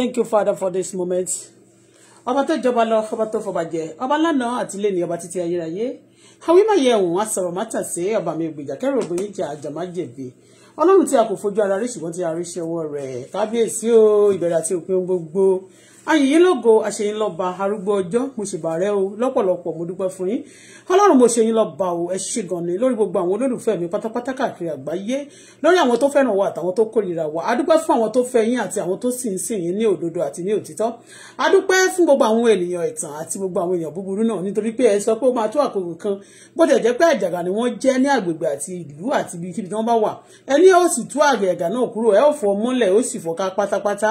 thank you father for this moment ọba tó jọba lọ ọba tó fọba jẹ ọba lánàá àti lẹni ọba títí ayérayé àwọn ìmọ̀ yẹ òun àsọ̀rọ̀ mátàsé ọba mi gbèjà kẹrù ògbìn ìjà àjàmájèbè ọlọ́run tí a kò fojú ara rí ṣùgbọ́n tí a rí ṣe ọwọ́ kábíyèsí o ìbẹ̀rẹ̀ àti òpin gbogbo ayìnyín lógo àṣeyín lọ́ba arúgbó ọjọ́ mo ṣe bàárẹ̀ o lọ́pọ̀lọpọ̀ mo dúpẹ́ fún yín ọlọ́run mo ṣe yín lọ́ba o ẹ ṣe gan ni lórí gbogbo àwọn olólùfẹ́ mi pátápátá káàkiri àgbáyé lórí àwọn tó fẹ́ràn wa àtàwọn tó kórìíra wa adúpẹ́ fún àwọn tó fẹ́ yín àti àwọn tó sì ń sìn yín ní òdodo àti ní òtítọ́ adúpẹ́ fún gbogbo àwọn ènìyàn ẹ̀tàn àti gbogbo àwọn èèyàn búburú náà nítorí pé ẹ sọ pé ó máa tó àkókò kan bó tẹ̀ jẹ́ pé àjàgà ni wọ́n jẹ́ ní àgbègbè àti ìlú àti ibikíbi tí wọ́n bá wà ẹ ní ó sì tú àgbẹ̀gà náà kúrò ẹ ó fọ́ mọ́lẹ̀ ó sì fọ́ ká pátápátá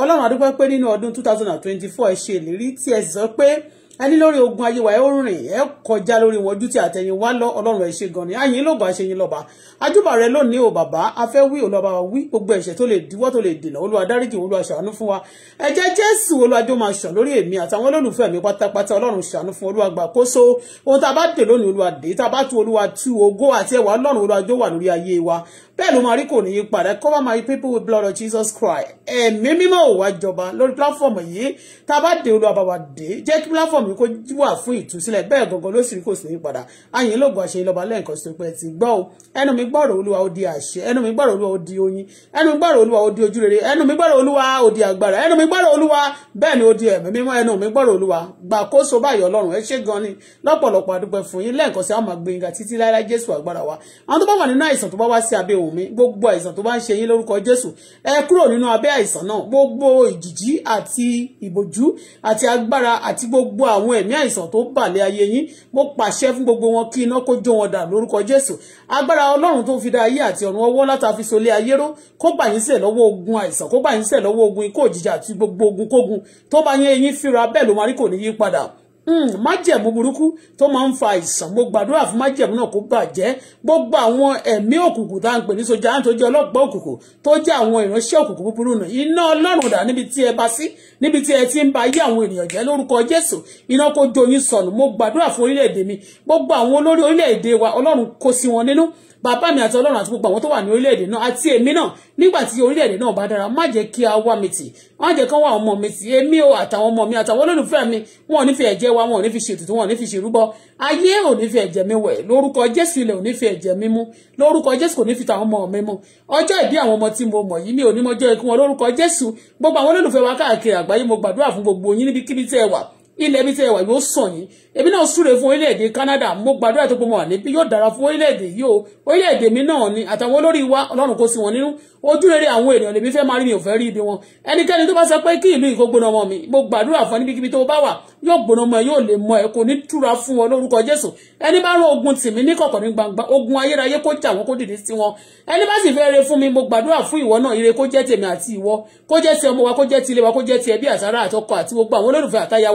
ọlọ́run adúpẹ́ pé nínú ọdún 2000 thousand and twenty-four ẹ ṣe ìlérí tí ẹ sì sọ pé ẹ ní lórí ogun ayé wa ẹ ó rìn ẹ kọjá lórí wọn ojú tí àtẹ̀yìn wá lọ ọlọ́run ẹ ṣe gan ni àyìn lóògùn àṣeyìn lọ́ba ajúbà rẹ lónìí ò bàbá afẹ́ wí òlọ́ba wí gbogbo ẹ̀ṣẹ̀ tó lè díwọ́ tó lè dènà olúwa dáríjì olúwa ṣàánú fún wa ẹ̀jẹ̀ jésù olúwàjò máa ṣàn lórí èmi àtàwọn olólùfẹ́ mi pátápátá ọlọ́run ṣàánú fún olúwa gbà kóso ohun tá a bá dè lónìí olúwa dè tá a bá tu olúwa tu ògo àti ẹwà ọlọ́run olúwàjò wà lórí ayé wa bẹ́ẹ̀ ló máa rí kò ní í padà cover my people with blood of Jesus Christ ẹ̀mí mímọ́ ò wá jọba lórí platform yìí tá a bá dé olú àbàbà dé jẹ́ kí platform yìí kó wà fún ìtúsílẹ̀ bẹ́ẹ̀ gangan ló sì rí kò sí ní padà àyìn lóògùn àṣẹ ìlọba lẹ́ẹ̀kan sí pé ti gbọ́ o ẹnu mi gbọ́rọ̀ olúwa ó di àṣẹ ẹnu mi gbọ́rọ̀ olúwa ó di oyin ẹnu mi gbọ́rọ̀ olúwa ó di ojú rere ẹnu mi gbọ́rọ̀ olúwa ó di agbára ẹnu mi gbọ́rọ̀ olúwa bẹ́ẹ̀ ni ó di ẹ̀mí mímọ́ ẹnu mi gbọ́rọ̀ olúwa gbàkóso báyọ̀ ọlọ́run ẹ ṣé gan ni lọ́pọ̀lọpọ̀ àdúpẹ́ fún yín lẹ́ẹ̀kan sí àwọn àgbẹ̀yìngà títí láíláí jésù agbára wa àwọn tó bá wà nínú àìsàn tó bá wá sí abẹ́ òun mi gbogbo àìsàn tó bá ń ṣe yín lórúkọ Jésù ẹ kúrò nínú abẹ́ àìsàn náà gbogbo ìjìjí àti ìbòjú àti agbára àti gbogbo àwọn ẹ̀mí àìsàn tó bàlẹ̀ ayé yín mo pàṣẹ fún gbogbo wọn kí iná kó jó wọn dà lórúkọ Jésù agbára Ọlọ́run tó fi dá ayé àti ọ̀run ọwọ́ látàfi solé ayé ró kó bà yín sẹ̀ lọ́wọ́ ogun àìsàn kó bà yín sẹ̀ lọ́wọ́ ogun ikú òjijì àti gbogbo ogun kógun tó bá yín eyín fíra bẹ́ẹ̀ ló máa rí kò ní yí padà Hmm, májẹ̀mú burúkú tó máa ń fa àìsàn mo gbàdúrà fún májẹ̀mú náà kó bàjẹ́ gbogbo àwọn ẹ̀mí òkùnkùn tá à ń pè ní sójà tó jẹ́ ọlọ́pàá òkùnkùn tó jẹ́ àwọn ìránṣẹ́ òkùnkùn búburú náà iná ọlọ́run dà níbi tí ẹ bá sí níbi tí ẹ ti ń ba ayé àwọn ènìyàn jẹ́ lórúkọ jésù iná kó jó yín sọnù mo gbàdúrà fún orílẹ̀-èdè mi gbogbo àwọn olórí orílẹ̀-èdè wa ọlọ́run kó sí wọn nínú bàbá mi àti ọlọ́run àti gbogbo àwọn tó wà ní orílẹ̀-èdè náà àti èmi náà nígbà tí orílẹ̀-èdè náà bá dára má jẹ́ kí a wá mi tì má jẹ́ kán wá ọmọ mi tì èmi o àtàwọn ọmọ mi àtàwọn olólùfẹ́ mi wọn ò ní fi ẹ̀jẹ̀ wa wọn ò ní fi ṣètùtù wọn ò ní fi ṣèrúbọ ayé ò ní fi ẹ̀jẹ̀ mi wẹ̀ lórúkọ jésù ilẹ̀ ò ní fi ẹ̀jẹ̀ mi mu lórúkọ jésù kò ní fi tàwọn ọmọ mi mu ọjọ́ ìbí àwọn ọmọ tí mo mọ̀ yìí mi ò ní mọjọ́ ikú wọn lórúkọ jésù gbogbo àwọn olólùfẹ́ wa káàkiri àgbáyé mo gbàdúrà fún gbogbo yín níbikíbi tẹ́ ẹ wà ilẹ̀ ibi tẹ́ ẹ wà yóò sàn yín èmi náà súre fún orílẹ̀-èdè Canada mo gbàdúrà tó gbọmọ àlébí yóò dára fún orílẹ̀-èdè yìí orílẹ̀-èdè mi náà ni àtàwọn olórí wa ọlọ́run kò sí wọn nínú ojú rere àwọn ènìyàn lèmi fẹ́ máa rí mi ò fẹ́ rí ibi wọn ẹnikẹ́ni tó bá sọ pé kí ìlú ìkó gbóná ọmọ mi mo gbàdúrà fún níbikíbi tó bá wà yóò gbóná ọmọ ẹ yóò lè mọ ẹ kò ní túra fún wọn lórúkọ Jésù ẹni bá rán ogun tìmí ní kọ̀kọ̀ ní gbangba ogun ayérayé kó jà wọn kó dìde sí wọn ẹni bá sì fẹ́ re fún mi mo gbàdúrà fún ìwọ náà ire kó jẹ́ tèmi àti ìwọ kó jẹ́ ti ọmọ wa kó jẹ́ ti ilé wa kó jẹ́ ti ẹbí àtàrà àtọkọ àti gbogbo àwọn olólùfẹ́ àtayá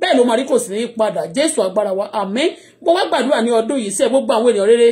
bẹ́ẹ̀ ló máa rí kò sí ní padà jésù agbára wa àmín bó wá gbàdúrà ní ọdún yìí sí ẹ gbogbo àwọn ènìyàn rere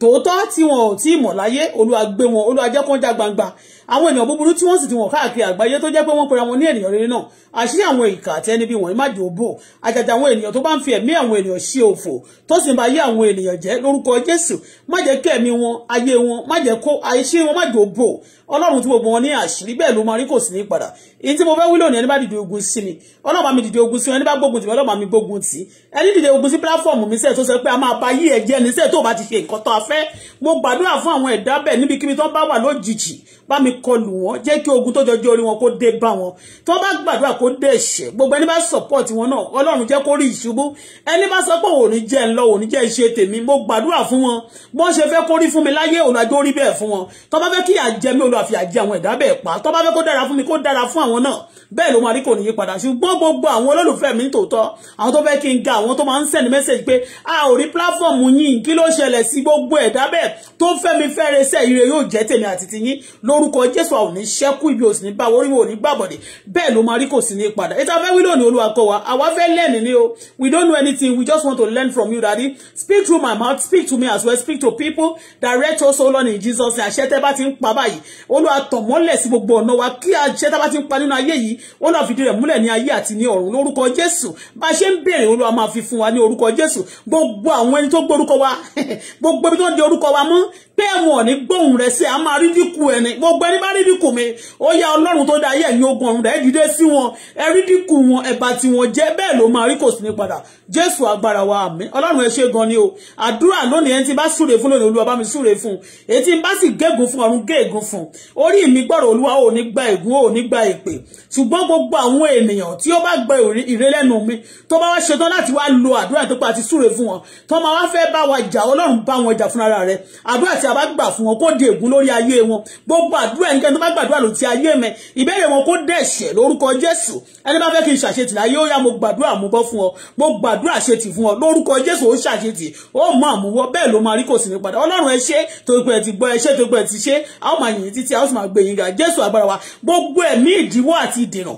tòótọ́ tí wọn ò tí ì mọ̀ láyé olúwa gbé wọn olúwa jẹ́ já gbangba àwọn ènìyàn búburú tí wọ́n sì ti wọ̀n káàkiri àgbáyé tó jẹ́ pé wọ́n pera wọn ní ènìyàn rere náà àṣírí àwọn ìkà àti ẹni bí wọ̀nyí má jò bò àjàjà àwọn ènìyàn tó bá ń fi ẹ̀mí àwọn ènìyàn ṣe òfò tó sì ń ba ayé àwọn ènìyàn jẹ́ lórúkọ Jésù má jẹ́ kí ẹ̀mí wọn ayé wọn má jẹ́ kó àṣírí wọn má jò bò Ọlọ́run tí gbogbo wọn ní àṣírí bẹ́ẹ̀ ló máa rí kò sí ní padà èyí tí mo fẹ́ wílò ní ẹni bá dìde ogun sí mi Ọlọ́run bá mi dìde ogun sí ẹni bá gbógun tì mí Ọlọ́run bá mi gbógun tì ẹni dìde ogun sí pílàfọ́ọ̀mù mi sẹ́ẹ̀ tó sọ pé a máa ba yí ẹ̀jẹ̀ ní sẹ́ẹ̀ tó bá ti ṣe nǹkan tó a fẹ́ mo gbàdúrà fún àwọn ẹ̀dá bẹ́ẹ̀ níbikíbi tó bá wà lójijì bá mi orí kọlù wọn jẹ́ kí ogun tó jọjú orí wọn kó dé bá wọn tó bá gbàdúrà kó dé ẹ̀ṣẹ̀ gbogbo ẹni bá support wọn náà ọlọ́run jẹ́ kó rí ìṣubú ẹni bá sọ pé òun ò ní jẹ́ ń lọ òun ní jẹ́ ṣe tèmi mo gbàdúrà fún wọn bọ́n ṣe fẹ́ kó rí fún mi láyé olùwàjò rí bẹ́ẹ̀ fún wọn tó bá fẹ́ kí ìyà jẹ mí olùwàfíà jẹ àwọn ẹ̀dá bẹ́ẹ̀ pa tó bá fẹ́ kó dára fún mi kó dára fún àwọn náà bẹ́ẹ̀ ló máa rí kò ní yípadà ṣùgbọ́n gbogbo àwọn olólùfẹ́ mi tòótọ́ àwọn tó fẹ́ kí n ga àwọn tó máa ń send message pé a ò rí platform yín kí ló ṣẹlẹ̀ sí gbogbo ẹ̀dá bẹ́ẹ̀ tó fẹ́ mi fẹ́ resẹ́ ire yóò jẹ́ tèmi àti tiyín lórúkọ lórúkọ jésù àwọn ní ṣẹ́kù ibi òsì ní báwo orí òní gbàbọ̀dẹ̀ bẹ́ẹ̀ ló máa rí kò sí ní padà ètò afẹ́ wílò ní olúwa kọ́ wa àwa fẹ́ lẹ́ẹ̀ni ni o we don't know anything we just want to learn from you daddy speak through my mouth speak to me as well speak to people direct us o lord in jesus ní àṣẹ tẹ́ bá ti ń pa báyìí olúwa tọ̀ mọ́lẹ̀ sí gbogbo ọ̀nà wa kí àṣẹ tẹ́ bá ti ń pa nínú ayé yìí olúwa fìdí rẹ̀ múlẹ̀ ní ayé àti ní ọ̀run lórúkọ jésù bá a ṣe ń béèrè olúwa máa fi fún wa ní orúkọ jésù gbogbo àwọn ẹni tó gbórúkọ wa gbogbo ibi tó ń di orúkọ wa mú pé ẹ̀wọ̀n ní gbóhùn rẹ̀ sí àmà rídíkù ẹni gbogbo ẹni bá rí dínkù mi ó yá ọlọ́run tó dá ayé ẹ̀yìn ogun ọ̀run rẹ̀ dìde sí wọn ẹ rí wọn ẹ̀bà tí wọ́n jẹ́ bẹ́ẹ̀ ló máa rí kò sí ní padà jésù agbára wa àmín ọlọ́run ẹ ṣé gan ni o àdúrà lónìí ẹni tí bá súre fún lónìí olúwa bá mi súre fún èyí tí n bá sì gégùn fún ọ̀run gégùn fún orí mi gbọ́rọ̀ olúwa ò ní gba ègún ò ní gba èpè ṣùgbọ́n gbogbo àwọn ènìyàn tí ó bá gba ìrẹ́lẹ́nu mi tó bá wá ṣetán láti wá lo àdúrà tó pa àti súre fún wọn tó máa wá fẹ́ bá wa jà ọlọ́run bá wọn jà fúnra rẹ̀ àdúrà tí a bá gbà fún wọn kó di ègún lórí ayé wọn gbogbo àdúrà gbàdúrà ẹnikẹ́ni tó bá gbàdúrà ló ti ayé mẹ ìbéèrè wọn kó dẹ̀ṣẹ̀ lórúkọ jésù ẹni bá fẹ́ kí n ṣàṣetì láyé ó yá mo gbàdúrà mú bọ́ fún ọ mo gbàdúrà ṣetì fún ọ lórúkọ jésù ó ṣàṣetì ó mọ àmúwọ bẹ́ẹ̀ ló máa rí kò sí ní padà ọlọ́run ẹ ṣé tó pẹ́ ti gbọ́ ẹ ṣé tó pẹ́ ti ṣe a ó máa yìn títí a ó sì máa gbé yín ga jésù agbára wa gbogbo ẹ̀mí ìdíwọ́ àti ìdènà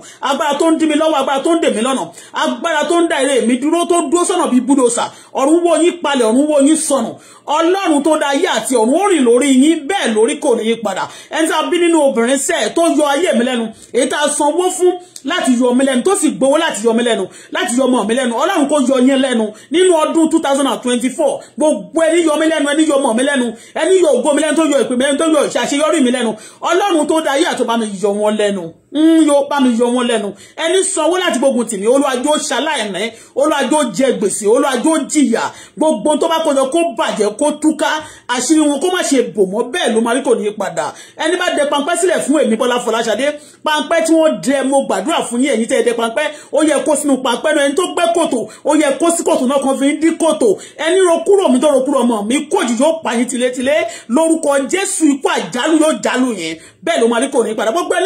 bí nínú obìnrin sẹ́ẹ̀ tó yọ ayé mi lẹ́nu èyí tá a sanwó fún láti yọ mi lẹ́nu tó sì gbowó láti yọ mi lẹ́nu láti yọ ọmọ mi lẹ́nu ọlọ́run kò yọ yín lẹ́nu nínú ọdún two thousand and twenty-four gbogbo ẹni yọ mi lẹ́nu ẹni yọ ọmọ mi lẹ́nu ẹni yọ ògo mi lẹ́nu tó yọ ìpè mi lẹ́nu tó yọ ìṣàṣeyọrí mi lẹ́nu ọlọ́run tó dá ayé mi yọ wọn lẹ́nu ń mm, yo, bá mi yọ wọn lẹ́nu ẹni sanwó láti gbógun tì mí olùwàjò ṣaláìní olùwàjò jẹ gbèsè olùwàjò jìyà gbogbo tó bá kọjọ kó bàjẹ́ kó túká àṣírí wọn kó má ṣe bò mọ́ bẹ́ẹ̀ ló máa rí kò ní í padà ẹni bá dẹ pańpẹ́ sílẹ̀ fún èmi Bọ́lá Fọláṣadé pańpẹ́ tí wọ́n dẹ mo gbàdúrà fún yín ẹ̀yin tẹ́ ẹ dẹ pańpẹ́ ó yẹ kó sínú pańpẹ́ náà ẹni tó gbẹ́ kòtò ó yẹ kó sí kòtò náà kan fi dí kòtò ẹni rokúrò mi tó rokúrò ọmọ mi kòjì pa yín tilétilé lórúkọ Jésù ikú àjálù yóò jálù yín bẹ́ẹ̀ ló máa rí kò ní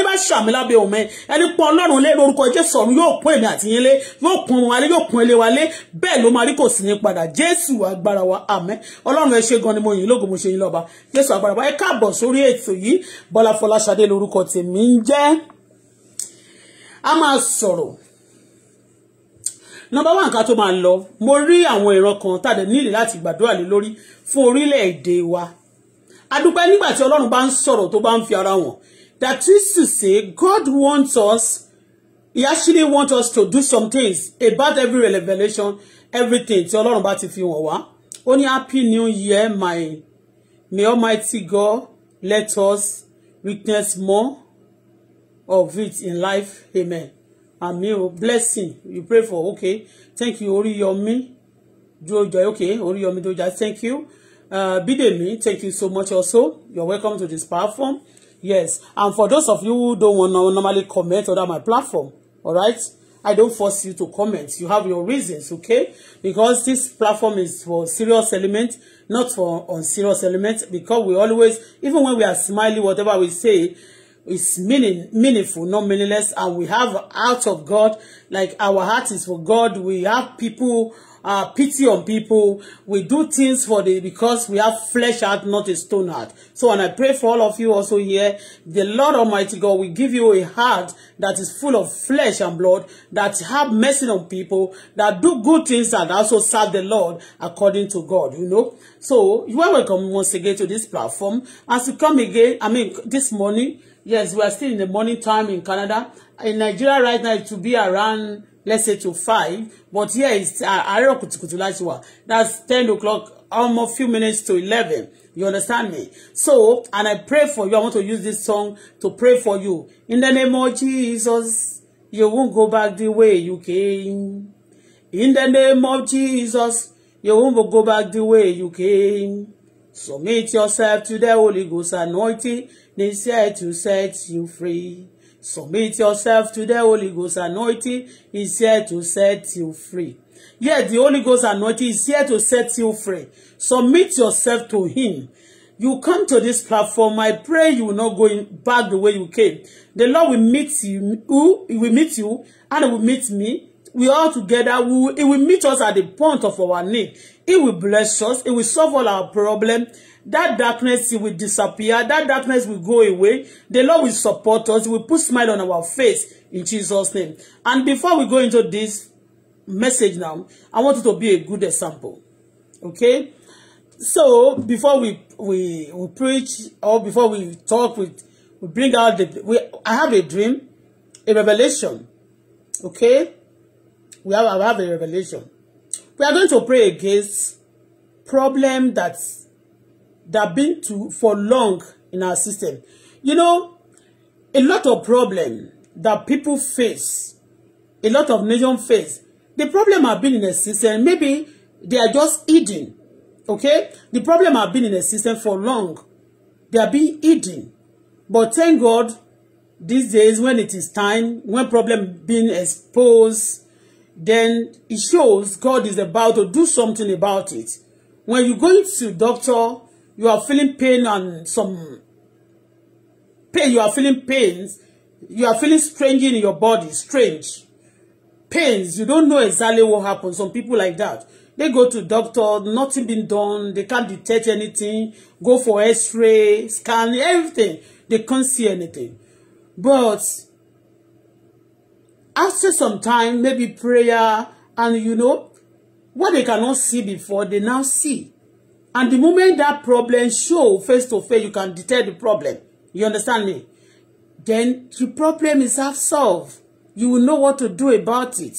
ohun mẹ́ ẹni pọ́n ọlọ́run lé lórúkọ jésù ọ̀run yóò pọ́n èmi àti yín lé yóò pọ́n ọmọ alẹ́ yóò pọ́n wa lé bẹ́ẹ̀ ló máa rí kò sí ní padà jésù agbára wa àmẹ́ ọlọ́run ẹ ṣé gan ni mo yìn lógo mo ṣe yín lọ́ba jésù agbára wa ẹ káàbọ̀ sórí ètò yìí bọ́lá fọláṣadé lórúkọ tèmi ń jẹ́ a máa sọ̀rọ̀ nọmba wá nǹkan tó máa lọ mo rí àwọn ìran kan tàdé nílẹ̀ láti gbàdúrà lé lórí fún orílẹ̀-èdè wa adúpẹ́ nígbà tí ọlọ́run bá ń sọ̀rọ̀ tó bá fi ara wọn That is to say, God wants us, He actually wants us to do some things about every revelation, everything. So Lord, about if you want, only happy new year, my, may Almighty God let us witness more of it in life. Amen. Àmín o blessing you pray for okay thank you Oriyomi Doja okay yomi Doja thank you uh, Bidemi thank you so much also you're welcome to this platform yes and for those of you who don't want normally comment under my platform all right I don't force you to comment you have your reasons okay because this platform is for serious element not for unserious element because we always even when we are smiling whatever we say is meaning meaningful not meaningless and we have heart of God like our heart is for God we have people uh, pity on people. We do things for the because we have flesh heart, not a stone heart. So, and I pray for all of you also here. The Lord Almighty God will give you a heart that is full of flesh and blood, that have mercy on people, that do good things and also serve the Lord according to God, you know. So, you are welcome once again to this platform. As you come again, I mean, this morning, yes, we are still in the morning time in Canada. In Nigeria right now, it will be around let's say to five but here is uh, àárọ̀ kùtùkùtù láti wà that's ten o'clock almost few minutes to eleven you understand me so and i pray for you i want to use this song to pray for you in the name of jesus you won't go back the way you came in the name of jesus you won't go back the way you came submit yourself to the holy ghost anointing they said to set you free Submit yourself to the Holy Ghost anointing is here to set you free. Yes, the Holy Ghost anointing is here to set you free. Submit yourself to Him. You come to this platform, I pray you will not go back the way you came. The Lord will meet you, Who will meet you, and will meet me. We all together, we will, he will meet us at the point of our need. He will bless us. He will solve all our problems. That darkness will disappear. That darkness will go away. The Lord will support us. He will put smile on our face in Jesus' name. And before we go into this message now, I want you to be a good example. Okay? So before we we, we preach or before we talk, we, we bring out the we I have a dream, a revelation. Okay? We have I have a revelation. We are going to pray against problem that's that been to for long in our system. You know, a lot of problem that people face, a lot of nation face, the problem have been in the system. Maybe they are just eating, Okay? The problem have been in the system for long. They are being eating, But thank God, these days when it is time, when problem being exposed, then it shows God is about to do something about it. When you go to doctor, you are feeling pain and some pain you are feeling pains you are feeling strange in your body strange pains you don't know exactly what happened some people like that they go to doctor nothing been done they can't detect anything go for x-ray scan everything they can't see anything but after some time maybe prayer and you know what they cannot see before they now see And the moment that problem show face to face, you can detect the problem. You understand me? Then the problem is half solved. You will know what to do about it.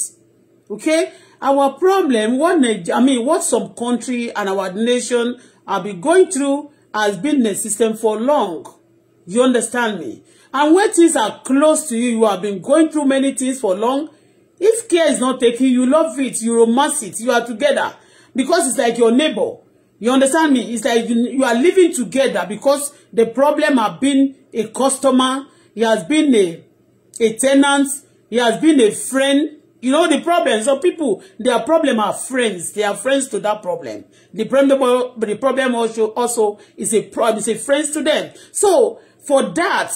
Okay? Our problem, what I mean, what some country and our nation have been going through has been the system for long. You understand me? And when things are close to you, you have been going through many things for long. If care is not taken, you love it, you romance it, you are together. Because it's like your neighbor. You understand me? It's like you, you are living together because the problem has been a customer, he has been a, a tenant, he has been a friend. You know the problem. So people, their problem are friends. They are friends to that problem. The problem, the problem also also is a problem. Is a friends to them. So for that,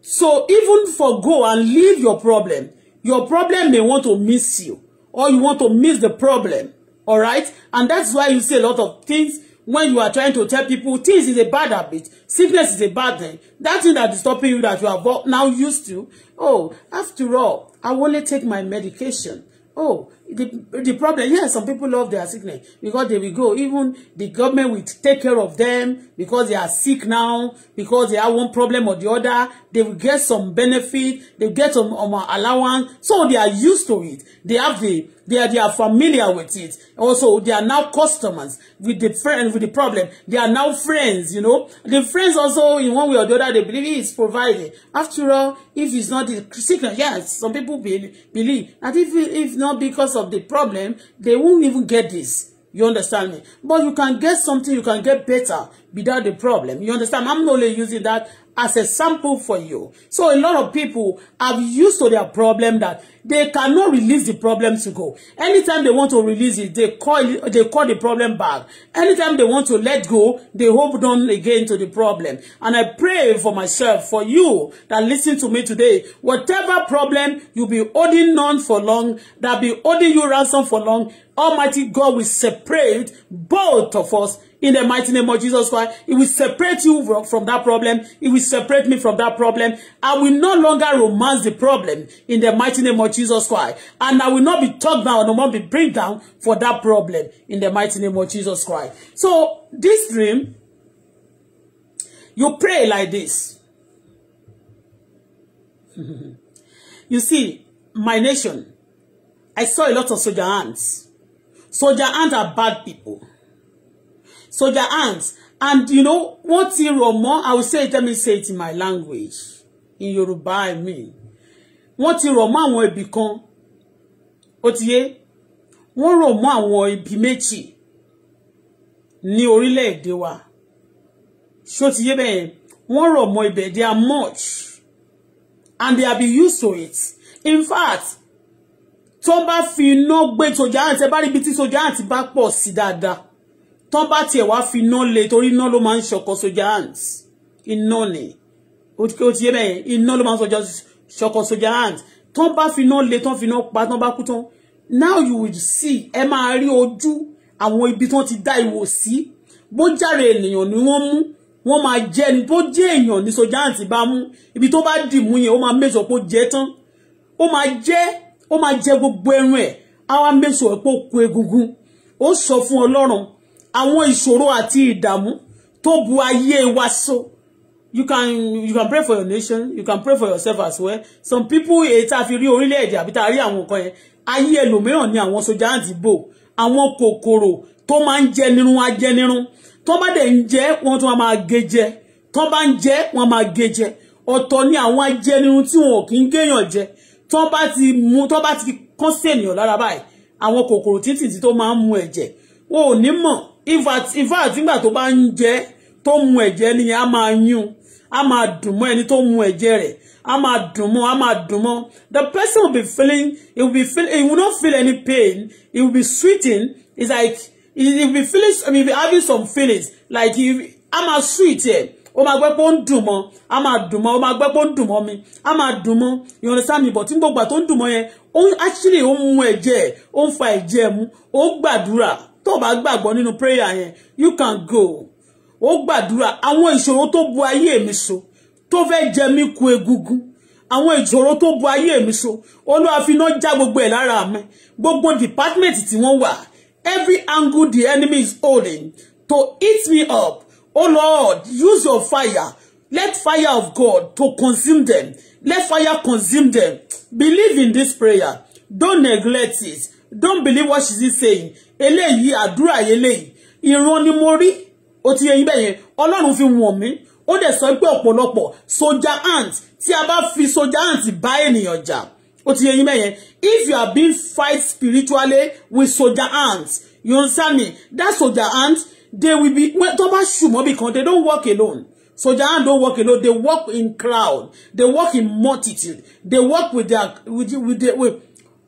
so even for go and leave your problem, your problem may want to miss you, or you want to miss the problem. All right? And that's why you see a lot of things when you are trying to tell people things is a bad habit, sickness is a bad thing. That thing that is stopping you that you are now used to. Oh, after all, I only take my medication. Oh, the, the problem, yes, some people love their sickness because they will go. Even the government will take care of them because they are sick now, because they have one problem or the other. They will get some benefit, they get some um, allowance. So they are used to it. They have the They are, they are familiar with it. Also, they are now customers with the friend with the problem. They are now friends, you know. The friends also, in one way or the other, they believe it's provided. After all, if it's not the sickness, yes, some people be, believe. And if, if not because of the problem, they won't even get this. You understand me? But you can get something, you can get better without the problem. You understand? I'm only using that as a sample for you. So a lot of people have used to their problem that they cannot release the problem to go. Anytime they want to release it, they call they call the problem back. Anytime they want to let go, they hold on again to the problem. And I pray for myself, for you that listen to me today, whatever problem you be holding on for long, that be holding you ransom for long, Almighty God will separate both of us in the mighty name of Jesus Christ. It will separate you from, that problem. It will separate me from that problem. I will no longer romance the problem in the mighty name of Jesus Christ. And I will not be talked down and I won't be bring down for that problem in the mighty name of Jesus Christ. So this dream, you pray like this. You see, my nation, I saw a lot of soldier ants. Soldier ants are bad people soldier ants and you know what? ti rọ̀ mọ́ i will say it let me say it in my language in Yoruba. i mean wọ́n ti rọ̀ mọ́ àwọn ibì kan ó ti yé wọ́n rọ̀ mọ́ àwọn ibi méjì ní orílẹ̀-èdè wa ṣó ti yé bẹ́ẹ̀ wọ́n rọ̀ mọ́ ibẹ̀ they are much and they have been used to it in fact tó bá fi iná gbé sojà àǹtí ẹ bá rí ibi tí sojà àǹtí bá pọ̀ sí dáadáa tán bá tiẹ̀ wá fi iná le torí iná ló máa ń ṣọkọ sójà ants iná ni ó ti yé bẹ́ẹ̀ iná ló máa ń ṣọkọ sójà ants tán bá fi iná le tán fi iná pa tán bá kú tán now you will see ẹ máa rí ojú àwọn ibi tán ti dá ìwò sí bó jàre ènìyàn ni wọ́n mú wọ́n máa jẹ́ ẹni tó jẹ́ èèyàn ní sójà ants bá mú ibi tó bá dì mú yẹn ó máa mẹ́sọ̀ pé ó jẹ tán ó máa jẹ́ ó máa jẹ gbogbo ẹran ẹ̀ á wá mẹ́sọ̀ pé ó ku egungun ó sọ fún ọlọ́run àwọn ìṣòro àti ìdààmú tó bu ayé wa so you can you can pray for your nation you can pray for yourself as well some people èyí tá a fi rí orílẹ̀-èdè àbí tá a rí àwọn nǹkan yẹn ayé ẹlòmíràn ni àwọn sójà àǹtí bò àwọn kòkòrò tó máa ń jẹ nírun ajẹ nírun tó bá dẹ̀ ń jẹ wọ́n tún máa gé jẹ tó bá ń jẹ wọ́n máa gé jẹ ọ̀tọ̀ ni àwọn ajẹ nírun tí wọn ò kí ń géèyàn jẹ tó bá ti mú tó bá ti kán sí ènìyàn lára báyìí àwọn kòkòrò títìtì tó máa ń mu ẹ̀jẹ̀ wọn ò ní mọ̀ in fact in fact nígbà tó bá ń jẹ tó mu ẹ̀jẹ̀ nìyẹn á máa yún á máa dùn mọ́ ẹni tó mu ẹ̀jẹ̀ rẹ̀ á máa dùn mọ́ á máa dùn mọ́ the person will be feeling he will be feel he will not feel any pain he will be sweating it's like he will be feeling he will be having some feelings like he á máa sweet ẹ̀ o máa gbẹ́ pé ó ń dùn mọ́ á máa dùn mọ́ ó máa gbẹ́ pé ó ń dùn mọ́ mi á máa dùn mọ́ you understand me but tí gbogbo àtó ń dùn mọ́ yẹn ó actually ó mu ẹ̀jẹ̀ ó ń fa ẹ̀jẹ̀ mu ó gbàdúrà tó o bá gbàgbọ́ nínú prayer yẹn you can go ó gbàdúrà àwọn ìṣòro tó bu ayé mi so tó fẹ́ jẹ mí ku egungun àwọn ìṣòro tó bu ayé mi so olúwa fi iná já gbogbo ẹ̀ lára mi gbogbo department tí wọ́n wà every angle the enemy is holding to eat me up oh lord use your fire let fire of god to consume them let fire consume them believe in this prayer don't neglect it don't believe what she is saying Eleyi àdúrà eléyìí ìran ni mo rí ó ti yẹyin bẹ́yẹn ọlọ́run fi wọ̀n mí ó dẹ̀ sọ pé ọ̀pọ̀lọpọ̀ soja ant tí a bá fi soja ant bá ènìyàn jà ó ti yẹyin bẹ́yẹn if you are being fight spiritually with soja ants, you understand me that soja ants, they will be tó bá ṣùmọ́ bìkan they don't work alone Soldier ants don't work alone. They work in crowd. They work in multitude. They work with their with with their with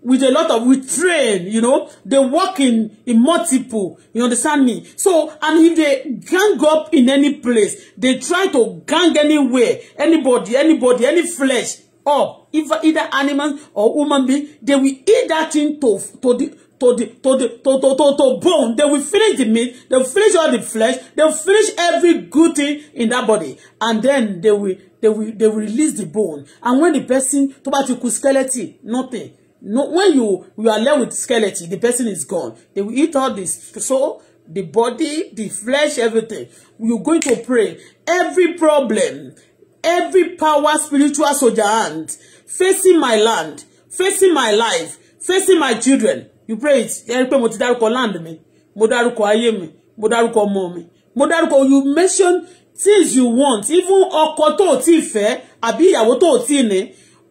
with a lot of with train, you know, they work in in multiple. You understand me? So and if they gang up in any place, they try to gang anywhere, anybody, anybody, any flesh up, either either animal or human being, they will eat that thing to to the to the to the to to to, to bone they will finish the meat they will finish all the flesh they will finish every good thing in that body and then they will they will they will release the bone and when the person tó bá ti skeleton nothing No, when you you are left with skeleton, the person is gone. They will eat all this so the body, the flesh, everything. You're going to pray. Every problem, every power, spiritual soldier hand, facing my land, facing my life, facing my children. You pray it. Ẹ rí mo ti dárúkọ land mi, mo dárúkọ ayé mi, mo dárúkọ ọmọ mi, mo dárúkọ you mention things you want, even ọkọ tó ti fẹ́ àbí ìyàwó tó ti ní.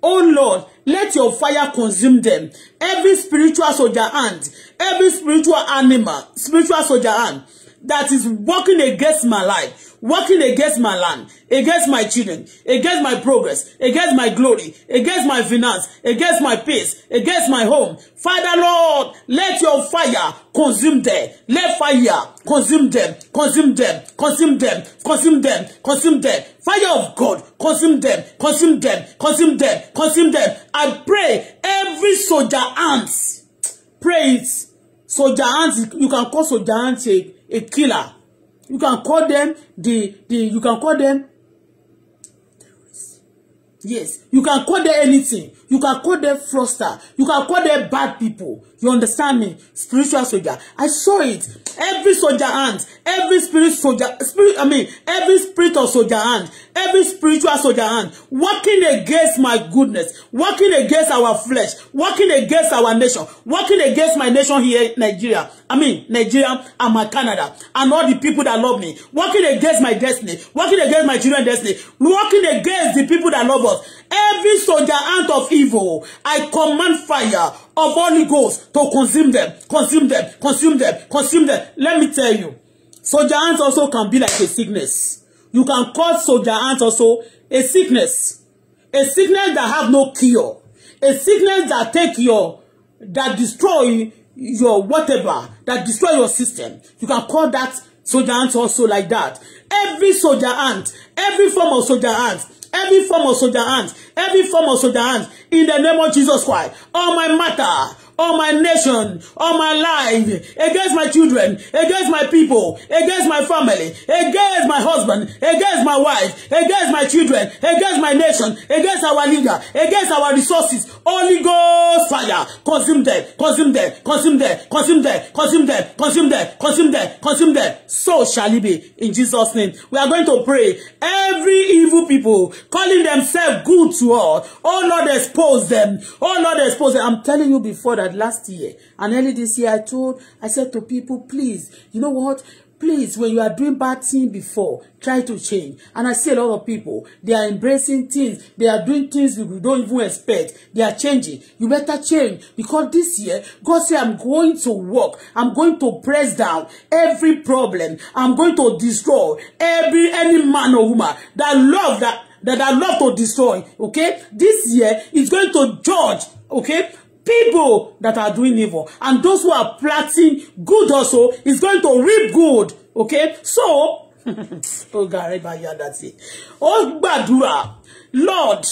Oh Lord, let your fire consume them. Every spiritual soldier hand, every spiritual animal, spiritual soldier hand, that is working against my life, working against my land, against my children, against my progress, against my glory, against my finance, against my peace, against my home. Father Lord, let your fire consume them. Let fire consume them, consume them, consume them, consume them, consume them. Fire of God, consume them, consume them, consume them, consume them. I pray every soldier ants, pray it. Soldier ants, you can call soldier ants a a killer. You can call them the, the you can call them Yes, you can call them anything. You can call them fraudster. You can call them bad people. You understand me? Spiritual soldier. I saw it. Every soldier hand, every spirit soldier, spirit, I mean, every spirit of soldier hand, every spiritual soldier hand, working against my goodness, working against our flesh, working against our nation, working against my nation here in Nigeria. I mean, Nigeria and my Canada, and all the people that love me, working against my destiny, working against my children's destiny, working against the people that love us. Every soldier hand of evil, I command fire of Holy Ghost to consume them, consume them, consume them, consume them. Let me tell you, soldier ants also can be like a sickness. You can cause soldier ants also a sickness, a sickness that have no cure, a sickness that take your, that destroy your whatever, that destroy your system. You can call that Soldier ants also like that. Every soldier ant, every form of soldier ant, every form of soldier ant, every form of soldier ant, in the name of Jesus Christ, all oh my matter, All my nation, all my life, against my children, against my people, against my family, against my husband, against my wife, against my children, against my nation, against our leader, against our resources. Holy Ghost fire, consume them, consume them, consume them, consume them, consume them, consume them, consume them, consume them. So shall it be in Jesus' name. We are going to pray. Every evil people calling themselves good to all, oh Lord, expose them. Oh Lord, expose them. I'm telling you before that last year and early this year I told I said to people please you know what please when you are doing bad things before try to change and I see a lot of people they are embracing things they are doing things you don't even expect they are changing you better change because this year God say I'm going to work I'm going to press down every problem I'm going to destroy every any man or woman that love that that I love to destroy okay this year is going to judge okay people that are doing evil and those who are planting good also is going to reap good okay so oh gare baya that's it Oh, badura, Lord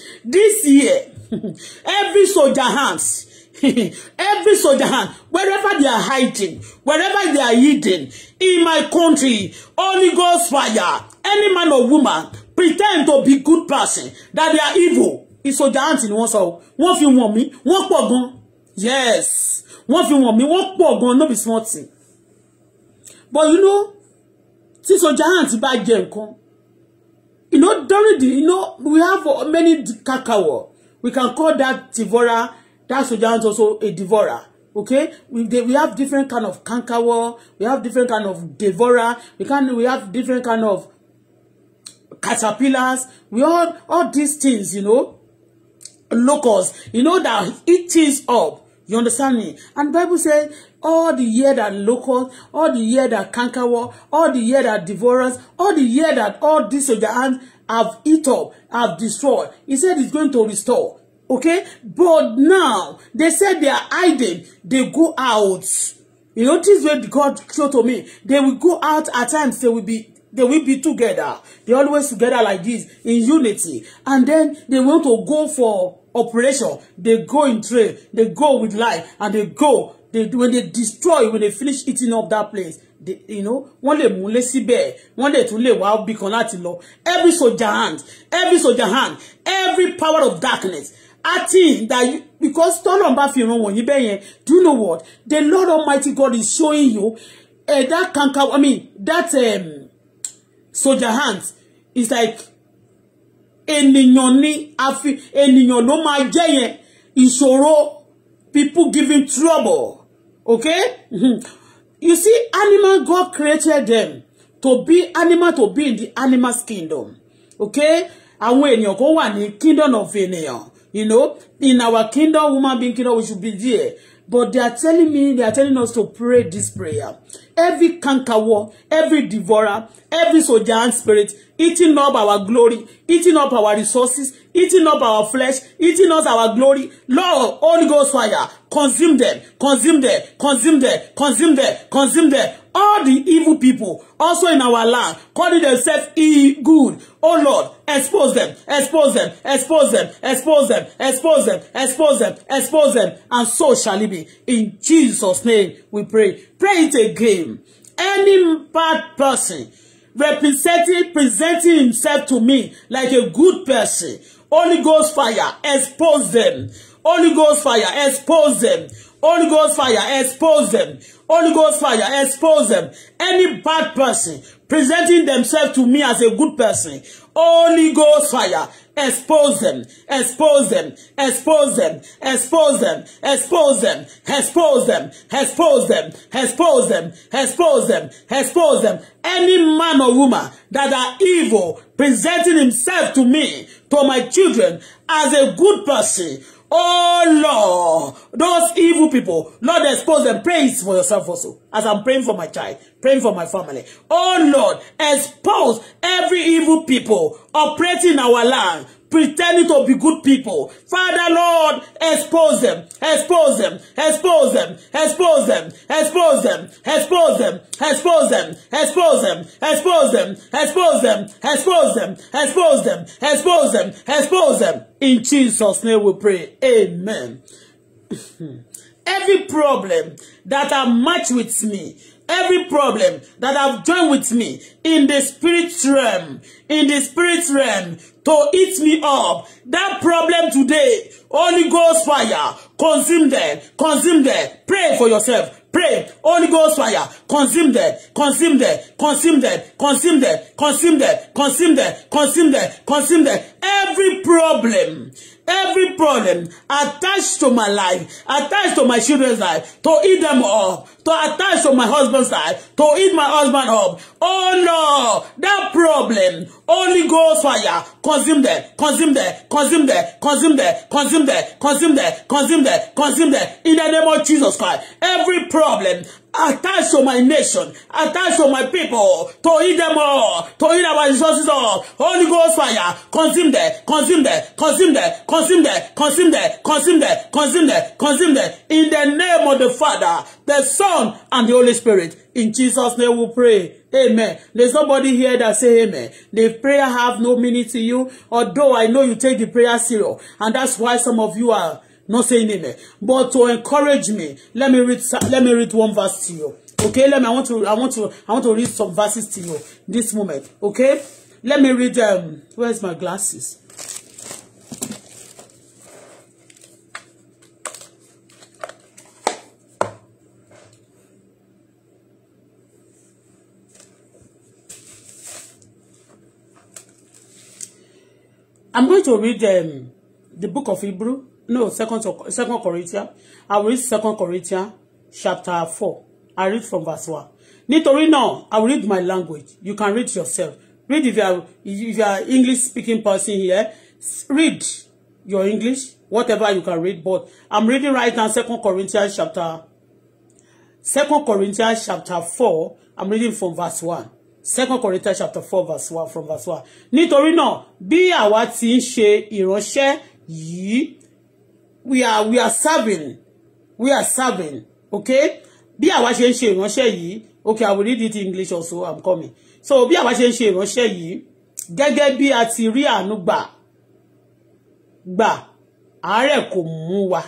this year every soldier hands every soldier hand wherever they are hiding wherever they are hidden in my country only goes fire any man or woman pretend to be good person that they are evil ìsojà àǹtì ni wọ́n sọ o wọ́n fi wọ̀n mí wọ́n pọ̀ gan yes wọ́n fi wọ̀n mí wọ́n pọ̀ gan no be small thing but you know tí sojà àǹtì bá jẹ nǹkan you know during the you know we have many kakawo we can call that devourer that sojà àǹtì also a devourer okay we they, we have different kind of kankawo we have different kind of devora. we can we have different kind of caterpillars we all all these things you know locusts, you know, that eat things up. You understand me? And Bible says, all the year that locust, all the year that cankerworm, all the year that devours, all the year that all these of the hand have eat up, have destroyed. He said it's going to restore. Okay? But now, they said they are hiding. They go out. You know, this way God showed to me. They will go out at times. They will be They will be together. They always together like this in unity. And then they want to go for operation. They go in trade. They go with life. And they go. They, when they destroy, when they finish eating up that place, they, you know, one day múlé síbẹ̀, wọ́n lè tún lè wá bí kan láti Every soldier hand, every soldier hand, every power of darkness, I think that you, because tọ́lọ̀ bá fi ìran wọ̀nyí bẹ́ẹ̀ yẹn, do you know what? The Lord Almighty God is showing you uh, that kankan, I mean, that um, soldier hands is like ènìyàn ni àfi ènìyàn ló máa jẹ́ yẹn ìṣòro people giving trouble okay mm-hmm. you see animal God created them to be animal to be in the animal's kingdom okay àwọn ènìyàn kò wà ní kingdom of ènìyàn you know in our kingdom woman being kingdom we should be there but they are telling me they are telling us to pray this prayer every canker war, every devourer, every soldier spirit, eating up our glory, eating up our resources, eating up our flesh, eating us our glory. Lord, Holy Ghost fire, consume them, consume them, consume them, consume them, consume them all the evil people also in our land, calling themselves e good. Oh Lord, expose them, expose them, expose them, expose them, expose them, expose them, expose them, and so shall it be. In Jesus' name we pray. Pray it again. Any bad person representing presenting himself to me like a good person, Holy Ghost fire, expose them. Holy Ghost fire, expose them. Holy Ghost fire, expose them. Holy Ghost fire, expose them. Any bad person presenting themselves to me as a good person, Holy Ghost fire, expose them, expose them, expose them, expose them, expose them, expose them, expose them, expose them, expose them, expose them. Any man or woman that are evil presenting himself to me, to my children, as a good person, Oh Lord, those evil people, Lord, expose them. Praise for yourself also, as I'm praying for my child, praying for my family. Oh Lord, expose every evil people operating our land pretending to be good people. Father, Lord, expose them, expose them, expose them, expose them, expose them, expose them, expose them, expose them, expose them, expose them, expose them, expose them, expose them, expose them. In Jesus' name we pray. Amen. Every problem that are matched with me every problem that have joined with me in the spirit realm, in the spirit realm, to eat me up. That problem today, Holy Ghost fire, consume them, consume them. Pray for yourself. Pray, Holy Ghost fire, consume them, consume them, consume them, consume them, consume them, consume them, consume them, consume them. Every problem every problem attached to my life, attached to my children's life, to eat them up, to attach to my husband's life, to eat my husband up. Oh no, that problem, Holy Ghost fire, consume them, consume them, consume them, consume them, consume them, consume them, consume them, consume them, in the name of Jesus Christ. Every problem attached to my nation, attached to my people, to eat them all, to eat our resources all. Holy Ghost fire, consume them, consume them, consume them, consume them, consume them, consume them, consume them, consume them. In the name of the Father, the Son, and the Holy Spirit. In Jesus' name we pray. Amen. There's nobody here that say amen. The prayer have no meaning to you, although I know you take the prayer serious, and that's why some of you are not saying amen, but to encourage me, let me read let me read one verse to you. Okay, let me I want to I want to I want to read some verses to you this moment. Okay? Let me read um where's my glasses? I'm going to read um, the book of Hebrew no second second Corinthians I will read second Corinthians chapter four I read from verse one nítorí náà I will read my language you can read yourself read if you are if you are English speaking person here read your English whatever you can read but I'm reading right now second Corinthians chapter second Corinthians chapter four I'm reading from verse one second Corinthians chapter four verse one from verse one nítorí náà bí àwa ti ń ṣe ìránṣẹ́ yìí we are we are serving we are serving okay bí àwa ṣe ń ṣe ìránṣẹ́ yìí okay i will read it in english also i'm coming so bí àwa ṣe ń ṣe ìránṣẹ́ yìí gẹ́gẹ́ bí a ti rí àánú gbà gbà àárẹ̀ kò mú wa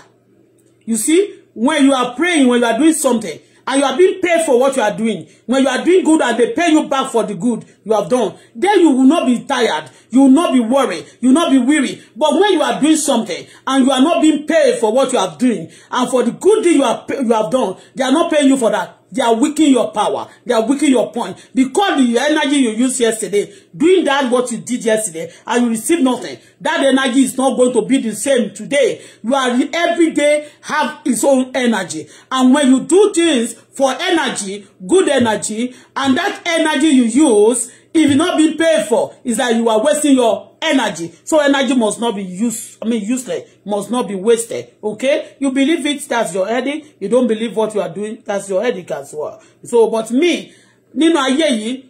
you see when you are praying when you are doing something and you are being paid for what you are doing when you are doing good and they pay you back for the good you have done then you will not be tired you will not be worried you will not be weary but when you are doing something and you are not being paid for what you are doing and for the good thing you, have you have done they are not paying you for that They are weakening your power. They are weakening your point. Because the energy you used yesterday, doing that what you did yesterday, and you receive nothing, that energy is not going to be the same today. You are every day have its own energy. And when you do things for energy, good energy, and that energy you use, if you not be paid for is that you are wasting your energy so energy must not be used i mean useless must not be wasted okay you believe it that's your headache you don't believe what you are doing that's your headache as well so but me nínú ayé yìí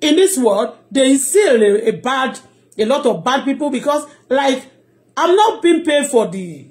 in this world there is still a, a bad a lot of bad people because like i'm not being paid for the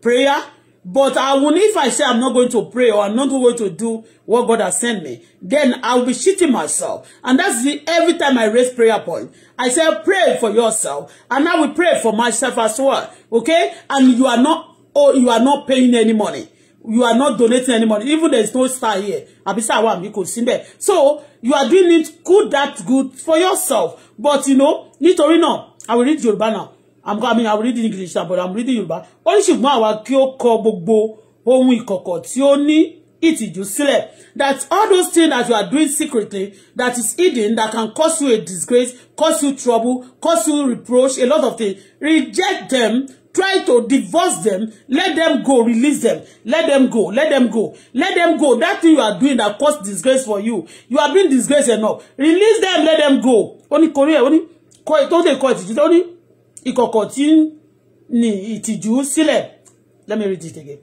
prayer But I will, if I say I'm not going to pray or I'm not going to do what God has sent me, then I'll be cheating myself. And that's the, every time I raise prayer point. I say, pray for yourself. And I will pray for myself as well. Okay? And you are not, oh, you are not paying any money. You are not donating any money. Even there is no star here. Abisa wa mi kò there. So, you are doing it good that good for yourself. But you know, literally náà, I will read your banner. I'm, coming. I'm reading English but I'm reading Yoruba. ó ní ṣùgbọ́n àwa kí ó kọ gbogbo ohun ìkọ̀kọ̀ tí ó that all those things that you are doing secretly that is hidden that can cause you a disgrace cause you trouble cause you reproach a lot of things reject them try to divorce them let them go release them let them go let them go let them go that thing you are doing that caused disgrace for you you are being disgraced enough release them let them go ó ní korí ẹ ó ní kọ tó ìkọ̀kọ̀ tí ní ìtìjú sílẹ̀ let me read it again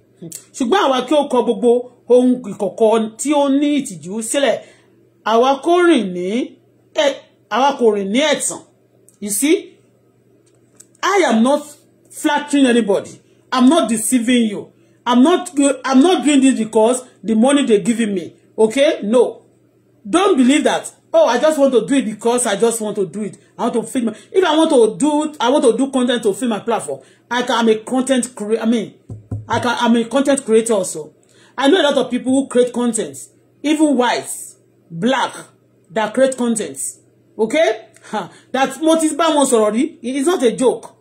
ṣùgbọ́n àwa kí ó kọ gbogbo ohun ìkọ̀kọ̀ tí ó ní ìtìjú sílẹ̀ àwa kò rìn ní ẹ̀tàn you see I am not flattering anybody I'm not deceiving you I'm not I'm not doing this because the money they giving me okay no don't believe that oh i just want to do it because i just want to do it i want to film if i want to do i want to do content to film my platform i can i'm a content creator i mean i can i'm a content creator also i know a lot of people who create content even white, black that create content okay ha that mo ti bá wọn sọ̀rọ̀ it is not a joke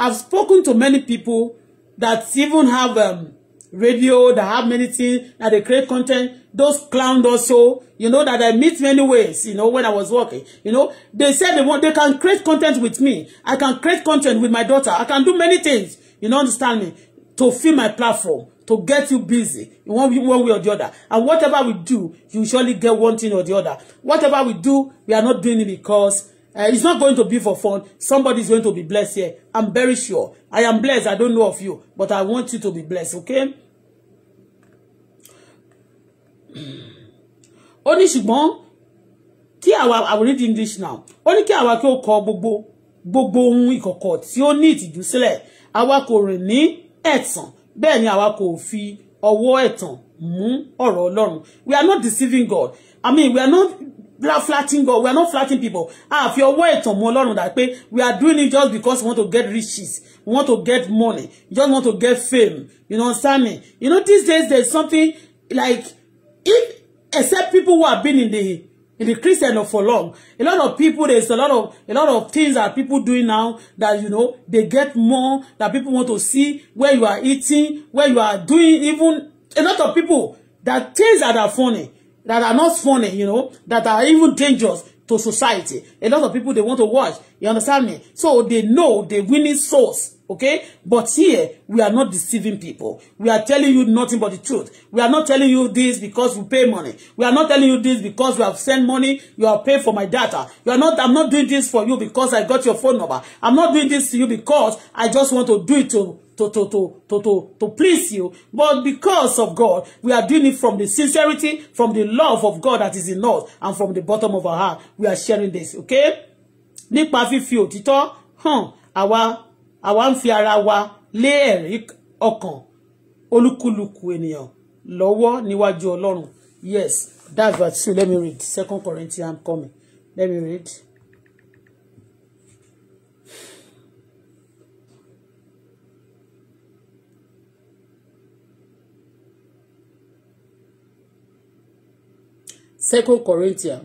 i've spoken to many people that even have um, radio that have many things that they create content those clowns also, you know, that I meet many ways, you know, when I was working. You know, they said they want, they can create content with me. I can create content with my daughter. I can do many things, you know, understand me, to fill my platform, to get you busy you want one way or the other. And whatever we do, you surely get one thing or the other. Whatever we do, we are not doing it because uh, it's not going to be for fun. Somebody's going to be blessed here. I'm very sure. I am blessed. I don't know of you, but I want you to be blessed, okay? ó ní ṣùgbọ́n tí àwa àwọn read English now ó ní kí àwa kí ó kọ gbogbo gbogbo ohun ìkọ̀kọ̀ tí ó ní ìtìjú sílẹ̀ àwa kò rìn ní ẹ̀tàn bẹ́ẹ̀ ni àwa kò fi ọwọ́ ẹ̀tàn mú ọ̀rọ̀ Ọlọ́run we are not deceiving God I mean we are not flatting God we are not flatting people a fi ọwọ́ ẹ̀tàn mú Ọlọ́run dà pé we are doing it just because we want to get riches we want to get money we just want to get fame you know understand you know these days there is something like if except people who have been in the in the Christian for long, a lot of people there's a lot of a lot of things that people doing now that you know they get more that people want to see where you are eating, where you are doing. Even a lot of people that things that are funny that are not funny, you know, that are even dangerous to society. A lot of people they want to watch. You understand me? So they know the winning source Okay? But here, we are not deceiving people. We are telling you nothing but the truth. We are not telling you this because we pay money. We are not telling you this because we have sent money, you have paid for my data. You are not, I'm not doing this for you because I got your phone number. I'm not doing this to you because I just want to do it to to to to to to to please you but because of God we are doing it from the sincerity from the love of God that is in us and from the bottom of our heart we are sharing this okay nípa fífi òtítọ́ hàn àwa àwa ń fi ara wa lé ẹ̀rí ọkàn olúkúlùkù ènìyàn lọ́wọ́ níwájú ọlọ́run yes that's what true let me read second Corinthians coming let me read. Second Corinthians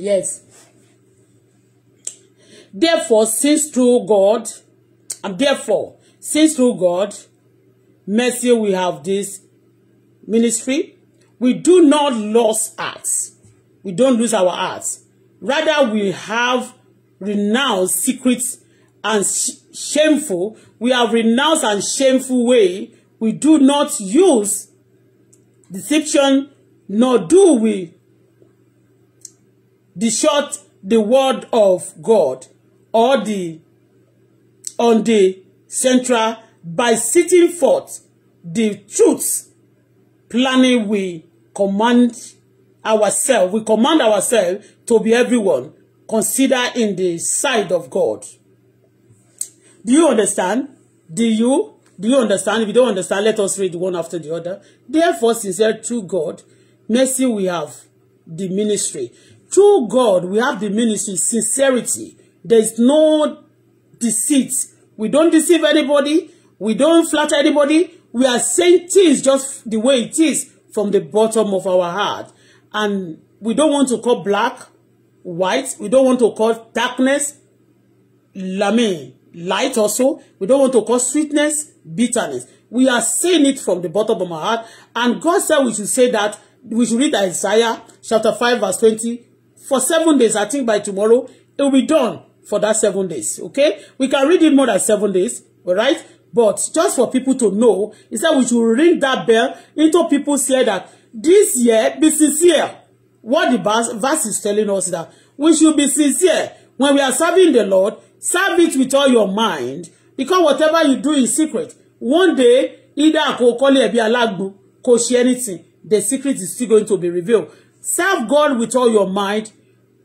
Yes. Therefore, since through God, and therefore, since through God, mercy we have this ministry, we do not lose hearts. We don't lose our hearts. Rather, we have renounced secrets and sh shameful. We have renounced and shameful way. We do not use deception, nor do we the short the word of God or the on the central by sitting forth the truth planning we command ourselves we command ourselves to be everyone consider in the side of God do you understand do you do you understand if you don't understand let us read one after the other therefore sincere true God mercy we have the ministry Through God, we have the ministry, sincerity. There is no deceit. We don't deceive anybody. We don't flatter anybody. We are saying things just the way it is from the bottom of our heart. And we don't want to call black white. We don't want to call darkness lame, light also. We don't want to call sweetness bitterness. We are saying it from the bottom of our heart. And God said we should say that, we should read Isaiah chapter five, verse twenty for seven days. I think by tomorrow it will be done for that seven days. Okay, we can read it more than seven days. All right, but just for people to know, is that we should ring that bell into people's ear that this year be sincere. What the verse is telling us is that we should be sincere when we are serving the Lord. Serve it with all your mind because whatever you do in secret, one day either akokole ebi alagbo ko share anything, the secret is still going to be revealed. Serve God with all your mind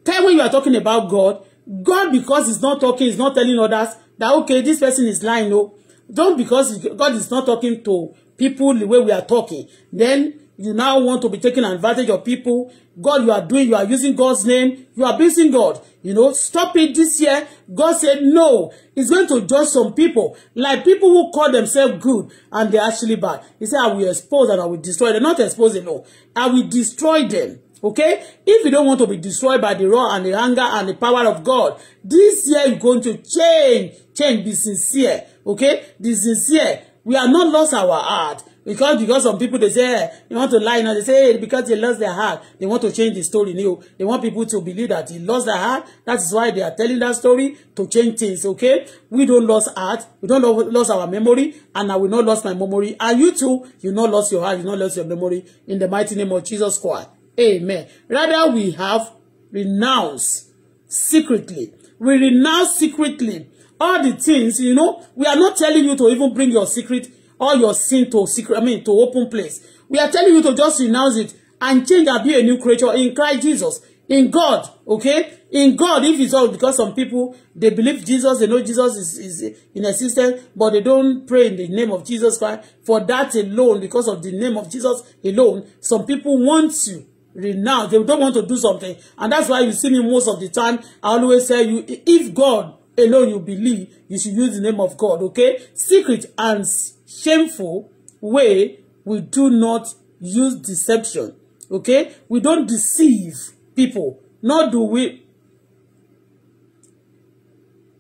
Tell when you are talking about God, God because he's not talking, he's not telling others that okay, this person is lying. No, don't because God is not talking to people the way we are talking. Then you now want to be taking advantage of people. God, you are doing, you are using God's name, you are abusing God. You know, stop it this year. God said no. He's going to judge some people, like people who call themselves good and they're actually bad. He said, I will expose and I will destroy them. Not expose them, no. I will destroy them. Okay? If you don't want to be destroyed by the wrath and the anger and the power of God, this year you're going to change. Change. Be sincere. Okay? Be sincere. We are not lost our heart. Because because some people they say eh, hey, you want to lie now, they say hey, eh, because they lost their heart, they want to change the story. New. They want people to believe that he lost their heart. That is why they are telling that story to change things. Okay, we don't lose heart, we don't lose our memory, and I will not lose my memory. And you too, you not lost your heart, you not lost your memory. In the mighty name of Jesus Christ. Amen. Rather, we have renounced secretly. We renounce secretly all the things, you know. We are not telling you to even bring your secret or your sin to secret, I mean, to open place. We are telling you to just renounce it and change and be a new creature in Christ Jesus, in God, okay? In God, if it's all because some people, they believe Jesus, they know Jesus is, is in existence, but they don't pray in the name of Jesus Christ. For that alone, because of the name of Jesus alone, some people want you renounce they don't want to do something and that's why you see me most of the time I always tell you if God alone you believe you should use the name of God okay secret and shameful way we do not use deception okay we don't deceive people nor do we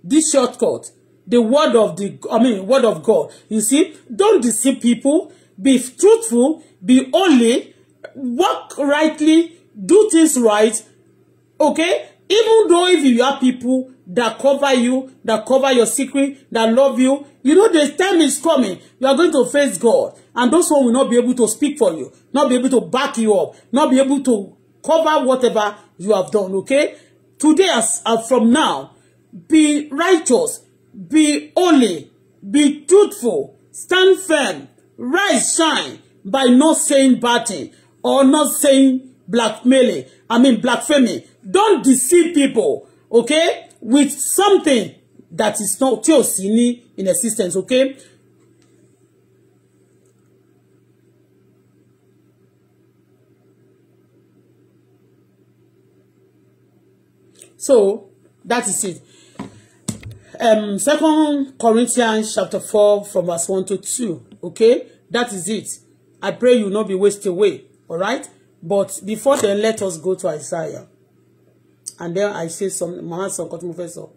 this shortcut the word of the I mean word of God you see don't deceive people be truthful be holy work rightly, do things right, okay? Even though if you have people that cover you, that cover your secret, that love you, you know the time is coming. You are going to face God. And those one will not be able to speak for you, not be able to back you up, not be able to cover whatever you have done, okay? Today, as, as uh, from now, be righteous, be holy, be truthful, stand firm, rise, shine by not saying bad thing or not saying blackmailing, I mean blackfaming. Don't deceive people, okay, with something that is not tí ò in existence, okay? So that is it. Um, Second Corinthians chapter four, from verse one to two, Okay, that is it. I pray you not be wasted away. All right? But before then, let us go to Isaiah. And then I say some, Mama Son so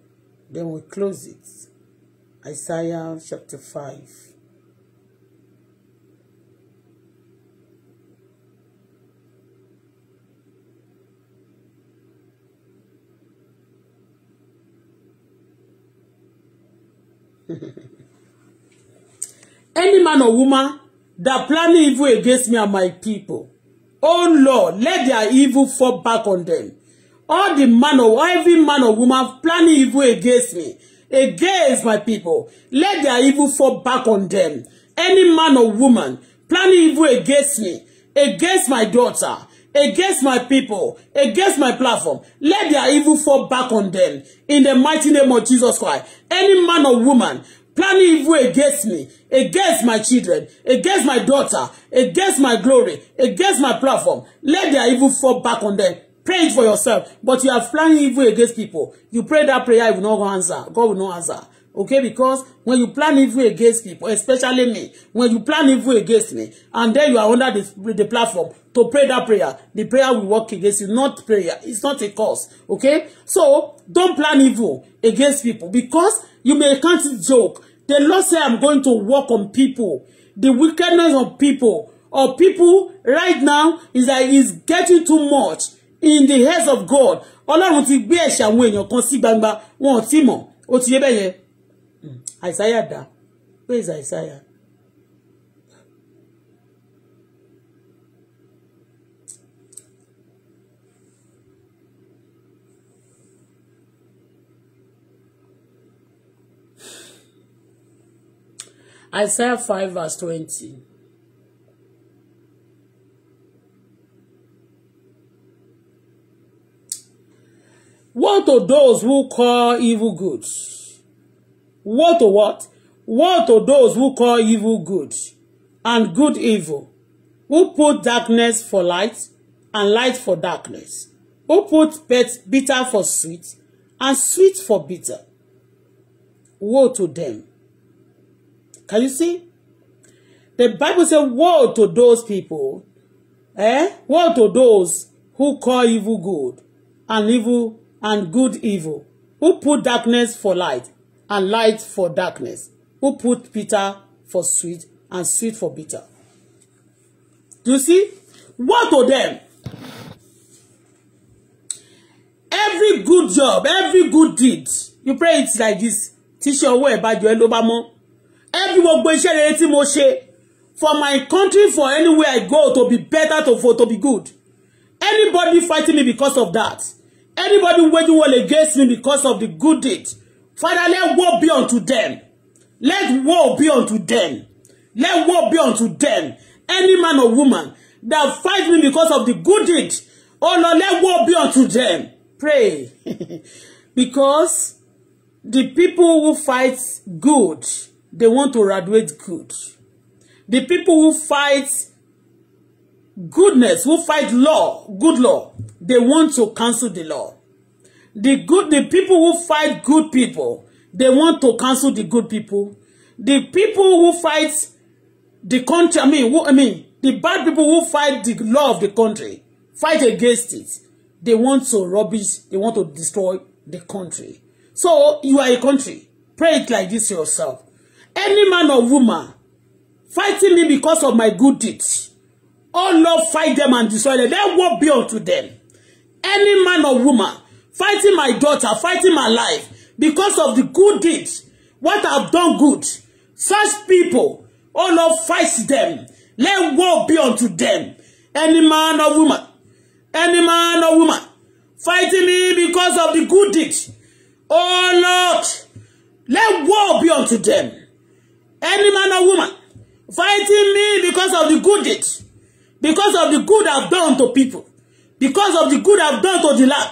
Then we close it. Isaiah chapter 5. Any man or woman that planning evil against me and my people Oh Lord, let their evil fall back on them. All the man or every man or woman planning evil against me, against my people, let their evil fall back on them. Any man or woman planning evil against me, against my daughter, against my people, against my platform. Let their evil fall back on them. In the mighty name of Jesus Christ. Any man or woman planning evil against me, against my children, against my daughter, against my glory, against my platform. Let their evil fall back on them. Pray it for yourself. But you are planning evil against people. You pray that prayer, you will not answer. God will not answer. Okay, because when you plan evil against people, especially me, when you plan evil against me, and then you are under the, the platform to pray that prayer, the prayer will work against you, not prayer. It's not a cause. Okay? So, don't plan evil against people because you may can't joke The Lord said, I'm going to work on people. The wickedness of people, or people right now, is that it's getting too much in the hands of God. Ọlọ́run ti gbé ẹ̀ṣẹ̀ àwọn èèyàn kan sí gbangba, wọn ò tí mọ̀, ó ti yé bẹ́yẹn. Àìsáyà hmm. dá, where is Isaiah 5 verse 20. Woe to those who call evil good. Woe to what? Woe to those who call evil good and good evil, who put darkness for light and light for darkness, who put bitter for sweet and sweet for bitter. Woe to them. Can you see? The Bible says, woe to those people, eh? Woe to those who call evil good and evil and good evil, who put darkness for light and light for darkness, who put bitter for sweet and sweet for bitter. Do you see? Woe to them. Every good job, every good deed, you pray it like this. Tíṣe ọwọ́ ẹ̀ bá jọ ẹ́ every gbogbo iṣẹ́ rere tí mo ṣe for my country for anywhere I go to be better to for to be good anybody fighting me because of that anybody waging war against me because of the good deed Father let war be unto them let war be unto them let war be unto them any man or woman that fight me because of the good deed oh Lord let war be unto them pray because the people who fight good they want to graduate good. The people who fight goodness, who fight law, good law, they want to cancel the law. The good, the people who fight good people, they want to cancel the good people. The people who fight the country, I mean, who, I mean, the bad people who fight the law of the country, fight against it. They want to rubbish, they want to destroy the country. So you are a country. Pray it like this yourself any man or woman fighting me because of my good deeds oh lord fight them and destroy them let war be unto them any man or woman fighting my daughter fighting my life because of the good deeds what i've done good such people oh lord fight them let war be unto them any man or woman any man or woman fighting me because of the good deeds oh lord let war be unto them Any man or woman fighting me because of the good deed, because of the good I've done to people, because of the good I've done to the land.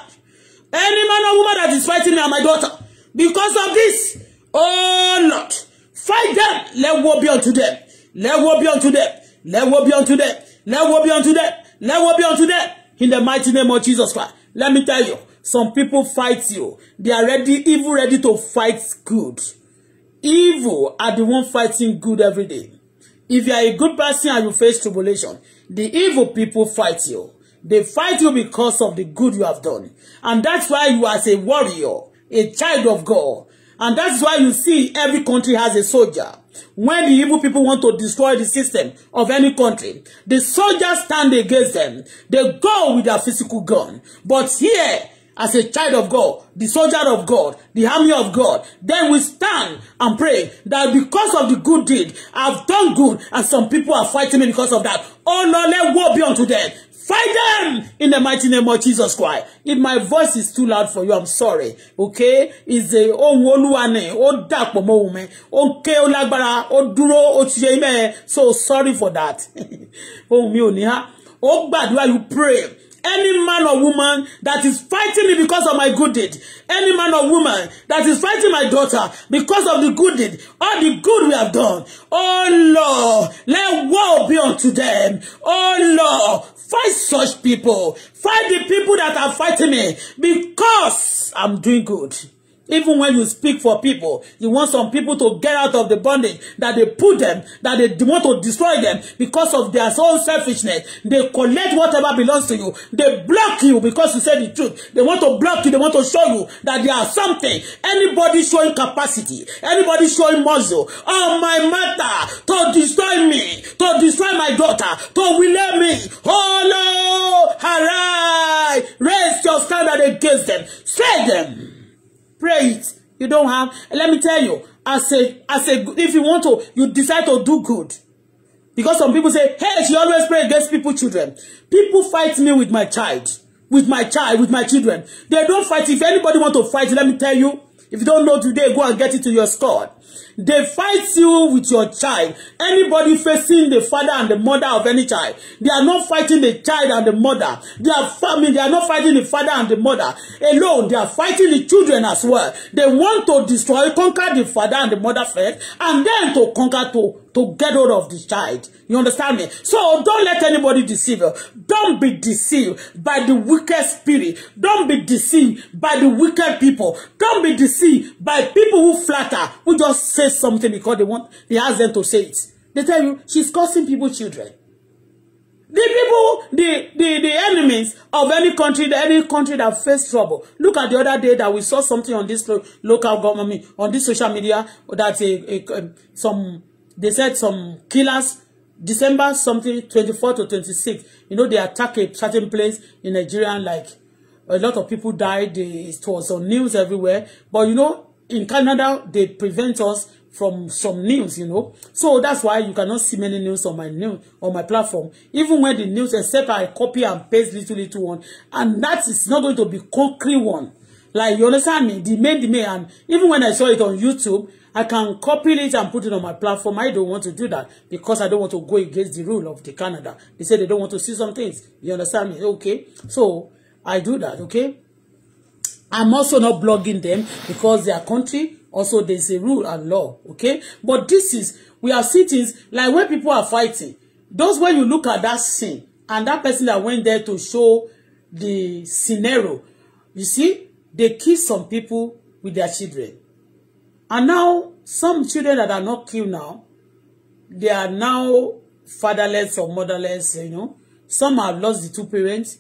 Any man or woman that is fighting me and my daughter, because of this, oh Lord, fight them. Let war be unto them. Let war be unto them. Let war be unto them. Let war be unto them. Let war be unto them. In the mighty name of Jesus Christ. Let me tell you, some people fight you. They are ready, even ready to fight good. Evil are the one fighting good every day. If you are a good person and you face tribulation, the evil people fight you. They fight you because of the good you have done. And that's why you as a warrior, a child of God. And that's why you see every country has a soldier. When the evil people want to destroy the system of any country, the soldiers stand against them. They go with their physical gun. But here, as a child of God, the soldier of God, the army of God, then we stand and pray that because of the good deed, I've done good, and some people are fighting me because of that. Oh Lord, let war be unto them. Fight them in the mighty name of Jesus Christ. If my voice is too loud for you, I'm sorry. Okay? Is a ohùn woluane ni dark dàpọ̀ mọ́ ohùn mi. Ó ké ó lágbára ó dúró So sorry for that. Ohùn mi ò ní há. Ó you pray. Any man or woman that is fighting me because of my good deed, any man or woman that is fighting my daughter because of the good deed, all the good we have done, oh Lord, let war be unto them, oh Lord, fight such people, fight the people that are fighting me because I'm doing good. Even when you speak for people, you want some people to get out of the bondage that they put them, that they want to destroy them because of their own selfishness. They collect whatever belongs to you. They block you because you say the truth. They want to block you. They want to show you that they are something. Anybody showing capacity, anybody showing muscle on oh my mother to destroy me, to destroy my daughter, to willow me. Oh no! Arise! Raise your standard against them. Say them pray it. You don't have, let me tell you, as a, as a, if you want to, you decide to do good. Because some people say, hey, she always pray against people, children. People fight me with my child, with my child, with my children. They don't fight. If anybody want to fight, let me tell you, if you don't know today, go and get it to your squad. They fight you with your child. Anybody facing the father and the mother of any child, they are not fighting the child and the mother. They are family. They are not fighting the father and the mother alone. They are fighting the children as well. They want to destroy, conquer the father and the mother first, and then to conquer to to get hold of the child. You understand me? So don't let anybody deceive you. Don't be deceived by the wicked spirit. Don't be deceived by the wicked people. Don't be deceived by people who flatter, who just say something because they want, they ask them to say it. They tell you, she's causing people children. The people, the, the, the enemies of any country, any country that face trouble. Look at the other day that we saw something on this lo local government, on this social media, that a, a, a, um, some they said some killers December something 24 to 26 you know they attack a certain place in Nigeria and like a lot of people died they, it was on news everywhere but you know in Canada they prevent us from some news you know so that's why you cannot see many news on my news on my platform even when the news except I copy and paste little little one and that is not going to be concrete one like you understand me the main the main and even when I saw it on YouTube I can copy it and put it on my platform. I don't want to do that because I don't want to go against the rule of the Canada. They say they don't want to see some things. You understand me? Okay. So I do that. Okay. I'm also not blogging them because their country also there's a rule and law. Okay. But this is we are see things like when people are fighting. Those when you look at that scene and that person that went there to show the scenario, you see, they kill some people with their children. And now, some children that are not killed now, they are now fatherless or motherless, you know. Some have lost the two parents.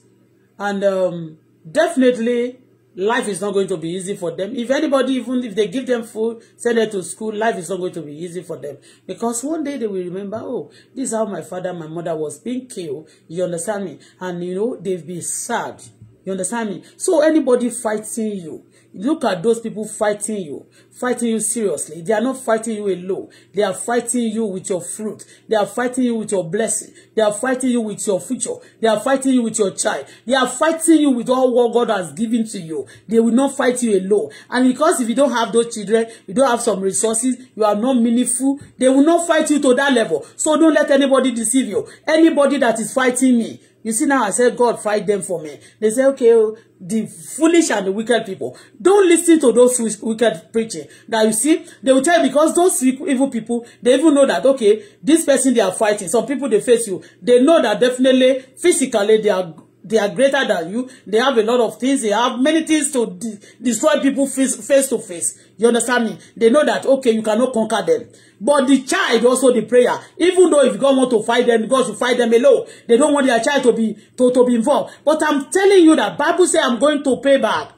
And um, definitely, life is not going to be easy for them. If anybody, even if they give them food, send them to school, life is not going to be easy for them. Because one day they will remember, oh, this is how my father my mother was being killed. You understand me? And, you know, they've been sad. You understand me? So anybody fighting you, look at those people fighting you fighting you seriously they are not fighting you alone they are fighting you with your fruit they are fighting you with your blessing they are fighting you with your future they are fighting you with your child they are fighting you with all what God has given to you they will not fight you alone and because if you don't have those children you don't have some resources you are not meaningful they will not fight you to that level so don't let anybody deceive you anybody that is fighting me You see now I said God fight them for me. They say, okay, oh, the foolish and the wicked people. Don't listen to those wicked preaching. Now you see, they will tell you because those evil people, they even know that, okay, this person they are fighting. Some people they face you. They know that definitely physically they are they are greater than you. They have a lot of things. They have many things to de destroy people face, face to face. You understand me? They know that, okay, you cannot conquer them. But the child also the prayer. Even though if God want to fight them, God should fight them alone. They don't want their child to be to, to be involved. But I'm telling you that Bible say I'm going to pay back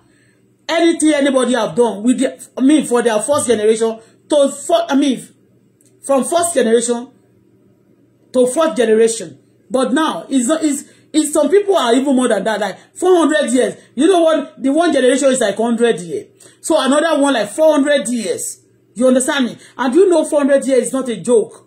anything anybody have done with the, I mean for their first generation to for, I mean from first generation to fourth generation. But now it's not it's If some people are even more than that, like 400 years. You know what? The one generation is like 100 years. So another one like 400 years. You understand me? And you know 400 years is not a joke.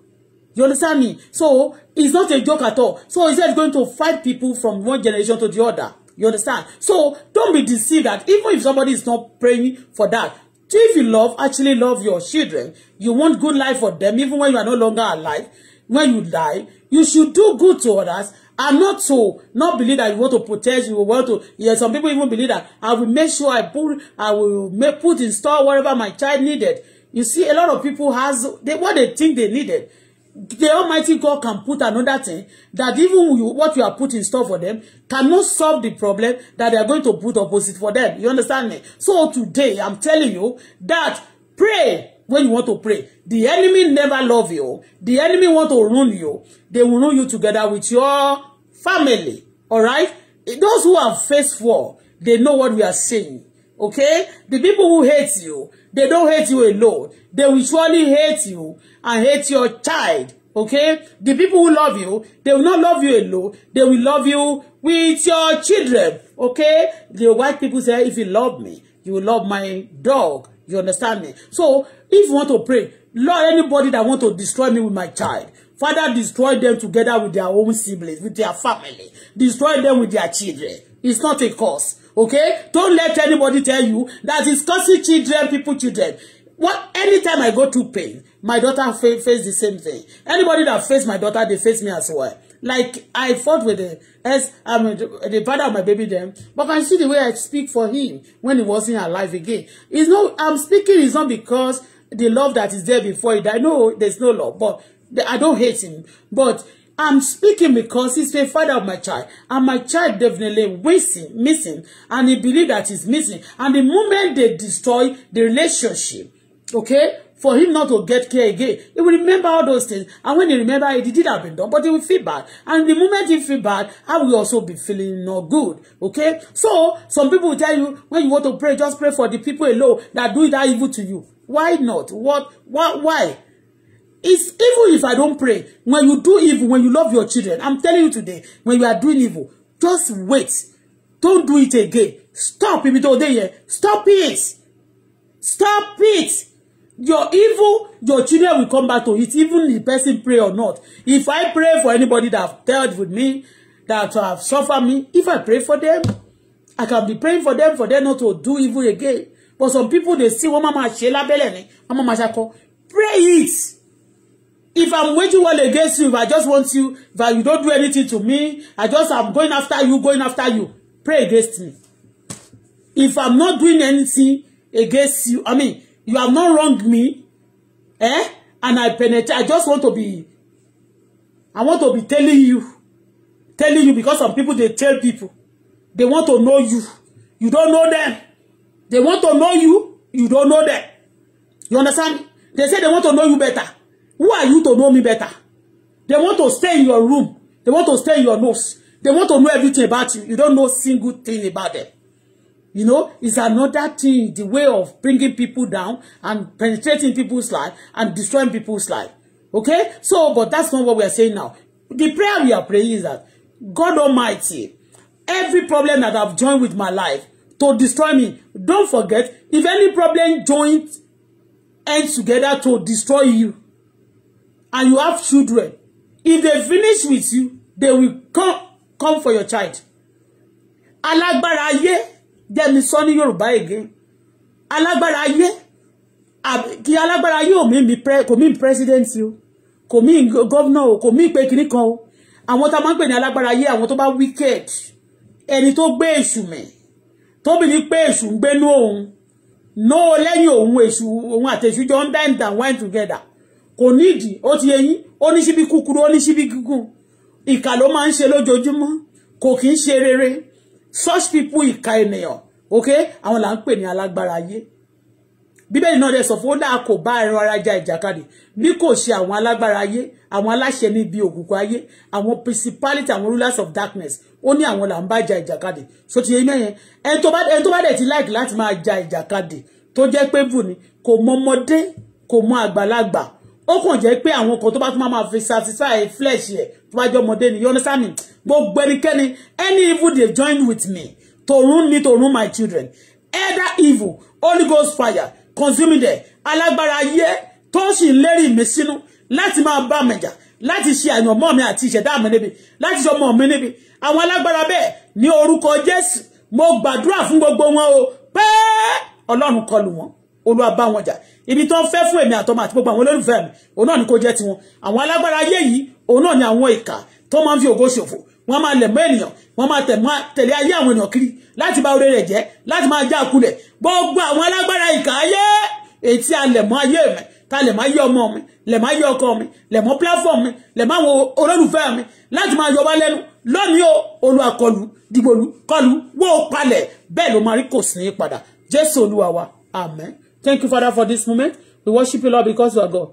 You understand me? So it's not a joke at all. So is that going to fight people from one generation to the other? You understand? So don't be deceived that even if somebody is not praying for that, if you love, actually love your children, you want good life for them, even when you are no longer alive, when you die, you should do good to others And not to not believe that you want to protect you want to. Yeah, some people even believe that I will make sure I put, I will make, put in store whatever my child needed. You see, a lot of people has they what they think they needed. The Almighty God can put another thing that even you, what you are put in store for them cannot solve the problem that they are going to put opposite for them. You understand me? So today, I'm telling you that pray when you want to pray. The enemy never love you. The enemy want to ruin you. They will ruin you together with your family. All right? Those who have faced war, they know what we are saying. Okay? The people who hate you, they don't hate you alone. They will surely hate you and hate your child. Okay? The people who love you, they will not love you alone. They will love you with your children. Okay? The white people say, if you love me, you will love my dog. You understand me? So, If you want to pray, Lord, anybody that want to destroy me with my child, Father, destroy them together with their own siblings, with their family. Destroy them with their children. It's not a cause. Okay? Don't let anybody tell you that it's causing children, people, children. What anytime I go through pain, my daughter fa face the same thing. Anybody that face my daughter, they face me as well. Like I fought with the as I'm mean, the father of my baby then, but I see the way I speak for him when he wasn't alive again. It's not I'm speaking is not because the love that is there before it, I know there's no love, but I don't hate him. But I'm speaking because he's the father of my child, and my child definitely missing, missing, and he believe that he's missing. And the moment they destroy the relationship, okay, for him not to get care again, he will remember all those things. And when he remember, it did have been done, but he will feel bad. And the moment he feel bad, I will also be feeling not good, okay? So some people will tell you when you want to pray, just pray for the people alone that do that evil to you. Why not? What? Why? why? It's even if I don't pray. When you do evil, when you love your children, I'm telling you today, when you are doing evil, just wait. Don't do it again. Stop it today. Stop it. Stop it. Your evil, your children will come back to it, even the person pray or not. If I pray for anybody that have dealt with me, that have suffered me, if I pray for them, I can be praying for them for them not to do evil again but some people they see wọ́n máa ma ṣe lábẹ́lẹ̀ ni wọ́n ma ṣakọ pray it if i'm waging war against you if i just want you if I, you don't do anything to me i just am going after you going after you pray against me if i'm not doing anything against you i mean you have not wronged me eh and i penetrate i just want to be i want to be telling you telling you because some people they tell people they want to know you you don't know them They want to know you, you don't know them. You understand? They say they want to know you better. Who are you to know me better? They want to stay in your room. They want to stay in your nose. They want to know everything about you. You don't know single thing about them. You know, it's another thing, the way of bringing people down and penetrating people's life and destroying people's life. Okay? So, but that's not what we are saying now. The prayer we are praying is that God Almighty, every problem that I've joined with my life, to destroy me. Don't forget, if any problem joint ends together to destroy you, and you have children, if they finish with you, they will come, come for your child. Alágbára ayé, jẹ́ mi sọ ní Yorùbá again. Alágbára ayé, ki alágbára ayé o mí mi kò mí president you, kò mí governor o, kò mí pé kinní kan o. Àwọn tá a máa ń pè ní alágbára ayé, àwọn tó wicked, and it obeys you mẹ́ tó bì ní pé èṣù ń gbénú òun nó lẹ́yìn òun èṣù òun àti èṣù jọ ń bend and wine together kò nídìí ó ti eyín ó ní síbi kúkúrú ó ní síbi gígùn ìkà ló máa ń ṣe lójoojúmọ́ kò kì í ṣe rere such people ìkà ènìyàn ok àwọn là ń pè ní alágbára ayé bíbélì náà dẹ̀ sọ fún ó dáa kò bá ẹran ara ja ìjàkadì bí kò ṣe àwọn alágbára ayé àwọn aláṣẹ níbi òkùnkùn ayé àwọn principality àwọn rulers of darkness ó ní àwọn là ń bá ja ìjàkadì so ti yẹ mẹ́yẹn ẹni tó bá dẹ̀ ti láìkì láti máa ja ìjàkadì tó jẹ́ pé bù ni kò mọ ọmọdé kò mọ àgbàlagbà ó kàn jẹ́ pé àwọn kan tó bá tún máa fi satisfy flesh ẹ̀ tó bá jẹ́ ọmọdé ni you understand me gbogbo ẹnikẹ́ni any evil dey join with me to ruin me to ruin my children elder evil holy ghost fire consuming them alágbára ayé tó ń sì lérí mi sínú láti máa bá mi jà láti ṣe àyànmọ́ mi àti ìṣẹ̀dá mi níbi láti ṣe ọmọ mi níbi àwọn alágbára bẹ́ẹ̀ ní orúkọ Jésù mo gbàdúrà fún gbogbo wọn o pé Ọlọ́run kọlù wọn Olúwa bá wọn jà ibi tó ń fẹ́ fún èmi àtọmọ àti gbogbo àwọn olólùfẹ́ mi òun náà ni kò jẹ́ tiwọn àwọn alágbára ayé yìí òun náà ni àwọn ìkà tó máa ń fi wọ́n máa lẹ̀ mọ́ ènìyàn wọ́n máa tẹ̀lé ayé àwọn ènìyàn kiri láti bà oore rẹ̀ jẹ́ láti máa já kulẹ̀ gbogbo àwọn alágbára ìkà ayé èyí tí a lẹ̀ mọ́ ayé mi ta lẹ̀ máa yé ọmọ mi lẹ̀ máa yé ọkọ mi lẹ̀ mọ́ platform mi lẹ̀ máa wo olólùfẹ́ mi láti máa yọba lẹ́nu lónìí o olú akọlù dìgbòlù kọlù wó palẹ̀ bẹ́ẹ̀ ló máa rí kò sí ní padà Jésù Olúwa wa amen thank you father for this moment we worship you lord because you are God.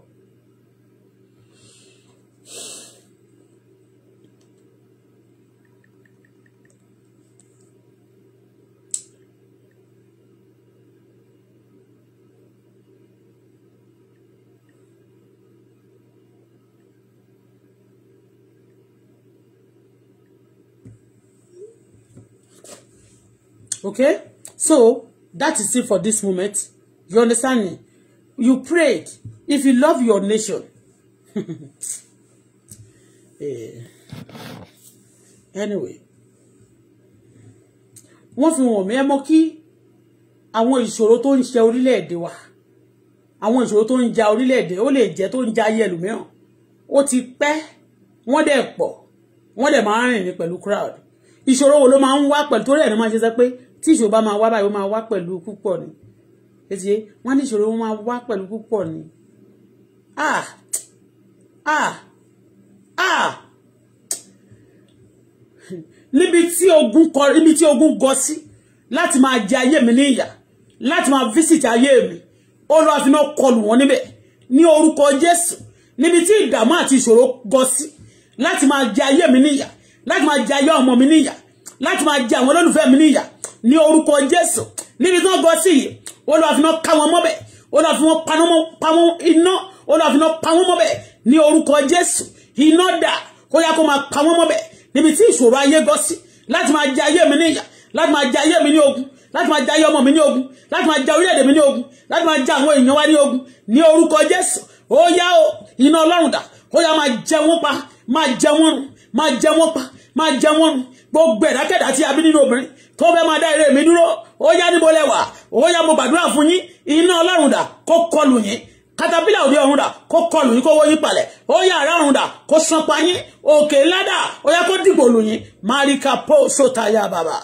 Okay? So, that is it for this moment. You understand me? You prayed. If you love your nation. yeah. Anyway. Wọ́n fi wọ̀n mí ẹ mọ́ kí àwọn ìṣòro tó ń ṣe orílẹ̀-èdè wa. Àwọn ìṣòro tó ń ja orílẹ̀-èdè ó lè jẹ́ tó ń ja ayé ẹlòmíràn. Ó ti pẹ́ wọ́n dẹ̀ pọ̀ wọ́n dẹ̀ máa ń rìn ní pẹ̀lú crowd. Ìṣòro wo ló máa ń wá pẹ̀lú torí ẹ̀ ní máa ṣe sẹ́ pé tí ìṣòro bá máa wá báyìí ó máa wá pẹ̀lú púpọ̀ ni ètùyé wọ́n ní ìṣòro wọn máa wá pẹ̀lú púpọ̀ ni ah ah ah níbi tí ogun kọ níbi tí ogun gọ sí láti máa jẹ ayé mi ní láti máa visit ayé mi ó lọ́ àfi náà kọlù wọn níbẹ̀ ní orúkọ Jésù níbi tí ìdààmú àti ìṣòro gọ sí láti máa jẹ ayé mi níyà láti máa jẹ ayé ọmọ mi níyà láti máa jẹ àwọn olólùfẹ́ mi níyà ní orúkọ Jésù níbi tí wọ́n gọ sí yìí Olúwa fi iná ká wọn mọ́bẹ̀ Olúwa fi wọn pa wọn iná Olúwa fi iná pa wọn mọ́bẹ̀ ní orúkọ Jésù iná dà kó yá kó máa pa wọn mọ́bẹ̀ níbi tí ìṣòro ayé gọ sí láti máa jẹ ayé mi níyà láti máa jẹ ayé mi ní ogun láti máa jẹ ayé ọmọ mi ní ogun láti máa jẹ orílẹ̀-èdè mi ní ogun láti máa jẹ àwọn èèyàn wa ní ogun ní orúkọ Jésù ó yá o iná Ọlọ́run dà kó yá máa jẹ wọ́n pa máa jẹ wọ́n run máa jẹ wọ́n pa máa jẹ wọ́n run gbogbo ẹ̀dákẹ́dá tí a bí nínú obìnrin tó fẹ́ máa dá eré mi dúró ó yá níbo lẹ́wà ó yá mo gbàdúrà fún yín iná ọlọ́run dà kó kọlù yín katapila òde ọ̀run dà kó kọlù yín kó wó yín palẹ̀ ó yá àrà ọ̀run dà kó san pa yín òkè ládà ó yá kó dìbò lù yín máríkà pọ́ sótayá bàbá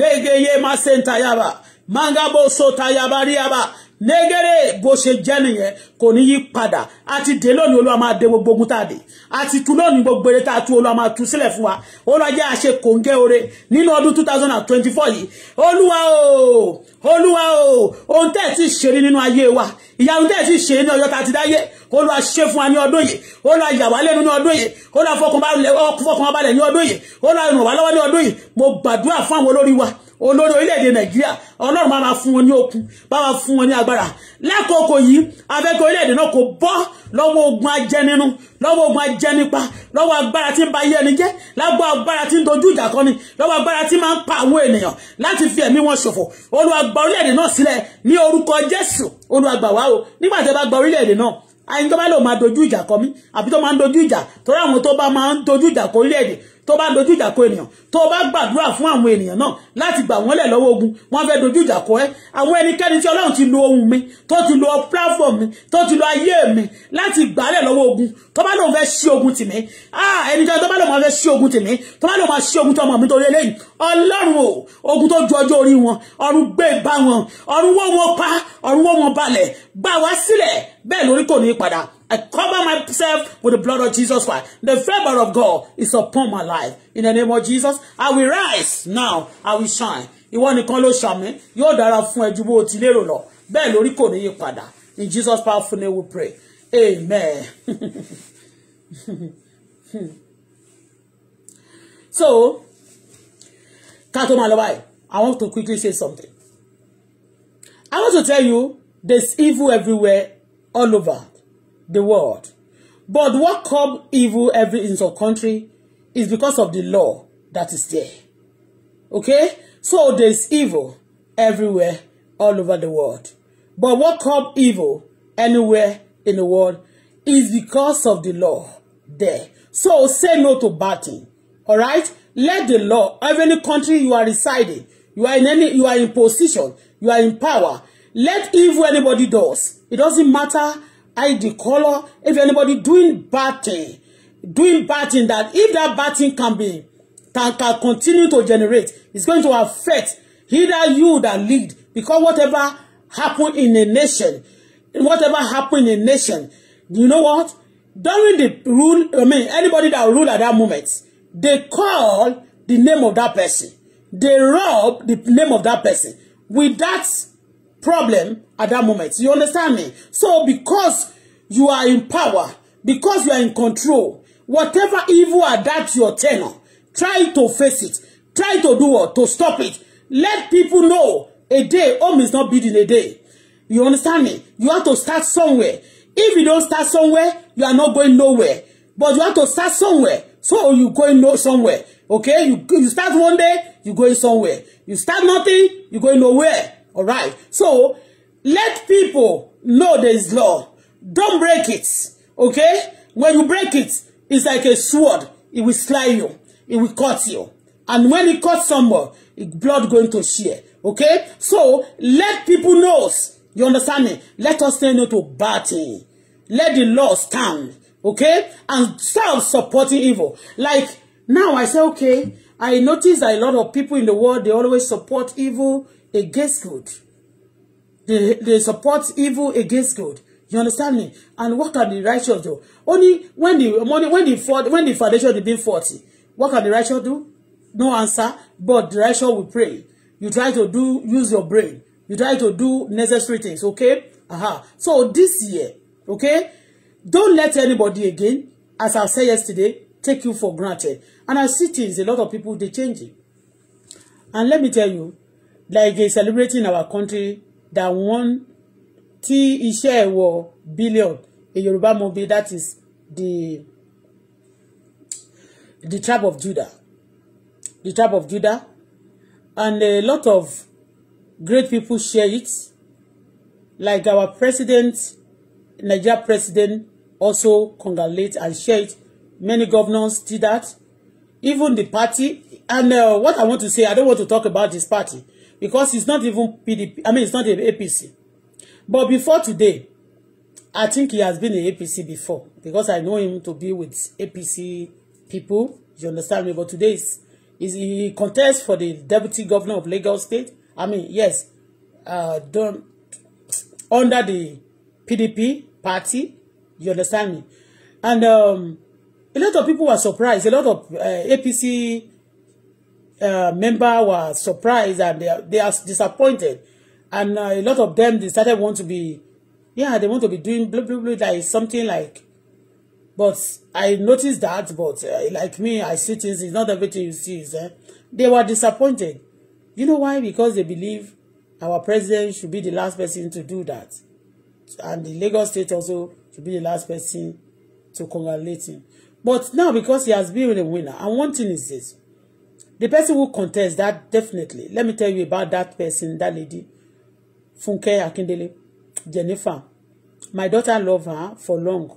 légeye má sèntayá bàbá mangabo sotayabariaba negere bó ṣe jẹ́ nìyẹn kò ní yí padà a ti dé lónìí olúwa máa dé gbogbo ogun tá a dé a ti tú lónìí gbogbo eré tá a tú olúwa máa tú sílẹ̀ wa olúwa jẹ́ àṣe kòńgẹ́ oore nínú ọdún two thousand and twenty-four yìí olúwa o olúwa o ohun tẹ́ ẹ̀ ti ṣe rí nínú ayé wa Iya tẹ́ ẹ̀ ti ṣe ní ọjọ́ tá a ti dáyé olúwa ṣe fún wa ní ọdún yìí olúwa yà wá lẹ́nu ní ọdún yìí olúwa fọkàn balẹ̀ ní ọdún yìí olúwa ràn wá lọ́wọ́ ní ọdún yìí mo gbàdúrà fún àwọn olórí wa olórí orílẹ̀-èdè nàìjíríà ọlọ́run máa máa fún wọn ní okun bá wa fún wọn ní agbára lákòókò yìí afẹ́kọ̀ọ́ orílẹ̀-èdè náà kò bọ́ lọ́wọ́ ogun ajẹninu lọ́wọ́ ogun ajẹnipa lọ́wọ́ agbára tí ń ba ayé ẹni jẹ́ lágbo agbára tí ń dojú ìjà kọ ni lọ́wọ́ agbára tí máa ń pa àwọn ènìyàn láti fi ẹ̀mí wọn ṣòfò olúwa gba orílẹ̀-èdè náà sílẹ̀ ní orúkọ jésù olúwa gbà wá o nígbà tí a bá gba orílẹ̀-èdè náà àyìn bá lò máa dojú ìjà kọ mí àbí tó máa ń dojú ìjà torí àwọn tó bá máa ń dojú ìjà kọ orílẹ̀-èdè tó bá dojú ìjà kọ ènìyàn tó bá gbàdúrà fún àwọn ènìyàn náà láti gbà wọ́n lẹ̀ lọ́wọ́ ogun wọ́n fẹ́ dojú ìjà kọ ẹ́ àwọn ẹnikẹ́ni tí ọlọ́run ti lo ohun mi tó ti lo platform mi tó ti lo ayé mi láti gbà lẹ̀ lọ́wọ́ ogun tó bá lòun fẹ́ ṣí ogun tì mí ah ẹnikẹ́ni tó bá lòun fẹ́ ṣí ogun tì mí tó bá lòun máa ṣí ogun tó ọmọ mi torí eléyìí ọlọ́run o ogun tó ju ọjọ́ orí wọn ọ̀run gbé Ba wọn ọ̀run wó wọn pa ọ̀run wó wọn balẹ̀ gbà wá sílẹ̀ bẹ́ẹ̀ lórí kò ní padà I cover myself with the blood of Jesus Christ. The favor of God is upon my life. In the name of Jesus, I will rise now. I will shine. Ìwọ nìkan ló ṣàmì yóò dára fún ẹjú bó ti lérò lọ. Bẹ́ẹ̀ lórí kò ní yí padà. In Jesus' powerful name we pray. Amen. So, Kato Malabai, I want to quickly say something. I want to tell you, there's evil everywhere, all over the world. But what come evil every in some country is because of the law that is there. Okay? So there's evil everywhere all over the world. But what come evil anywhere in the world is because of the law there. So say no to bad thing. All right? Let the law, of any country you are residing, you are in any, you are in position, you are in power. Let evil anybody does. It doesn't matter ID color. If anybody doing bad thing, doing bad thing that if that bad thing can be can, can continue to generate, it's going to affect either you that lead because whatever happen in a nation, whatever happen in a nation, you know what? During the rule, I mean anybody that rule at that moment, they call the name of that person. They rob the name of that person. With that problem at that moment. You understand me? So because you are in power, because you are in control, whatever evil at that your tenor, try to face it. Try to do what? To stop it. Let people know a day, home is not building a day. You understand me? You have to start somewhere. If you don't start somewhere, you are not going nowhere. But you have to start somewhere. So you going no somewhere. Okay? You, you start one day, you going somewhere. You start nothing, you going nowhere. All right. So let people know there is law. Don't break it. Okay? When you break it, it's like a sword. It will slay you. It will cut you. And when it cuts someone, blood going to share. Okay? So let people know. You understand me? Let us say no to bad thing. Let the law stand. Okay? And stop supporting evil. Like now I say, okay, I notice that a lot of people in the world, they always support evil, against good. They, they support evil against good. You understand me? And what can the righteous do? Only when the money, when the for, when the foundation is being faulty, what can the righteous do? No answer, but the righteous will pray. You try to do use your brain. You try to do necessary things, okay? Aha. So this year, okay? Don't let anybody again, as I said yesterday, take you for granted. And I see things, a lot of people, they change it. And let me tell you, like a celebrity in our country that won tí iṣẹ́ ẹ̀wọ̀ billion a Yoruba movie that is the the tribe of Judah the tribe of Judah and a lot of great people share it like our president Nigeria president also congratulate and share it many governors did that even the party and uh, what I want to say I don't want to talk about this party because it's not even PDP, I mean, it's not an APC. But before today, I think he has been an APC before because I know him to be with APC people. You understand me? But today is, is he contests for the deputy governor of Lagos State. I mean, yes, uh, done under the PDP party. You understand me? And um, a lot of people were surprised. A lot of uh, APC Uh, member were surprised and they are, they are disappointed. And uh, a lot of them decided want to be, yeah, they want to be doing blah, blah, blah, like something like, but I noticed that, but uh, like me, I see things, it's not everything you see. Is, eh? They were disappointed. You know why? Because they believe our president should be the last person to do that. And the Lagos state also should be the last person to congratulate him. But now, because he has been a winner, and one thing is this, the person who contest that definitely let me tell you about that person that lady Funke Akindele Jennifer my daughter love her for long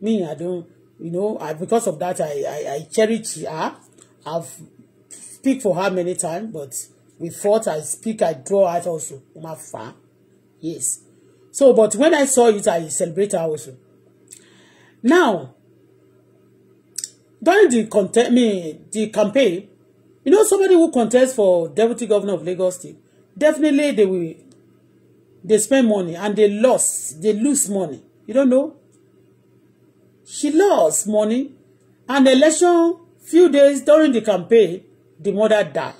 me I don't you know I, because of that I, I I cherish her I've speak for her many times but we fought I speak I draw out also My fa yes so but when I saw it I celebrate her also now during the content me the campaign You know, somebody who contest for deputy governor of Lagos State, definitely they will they spend money and they lost, they lose money. You don't know? She lost money and election few days during the campaign, the mother died.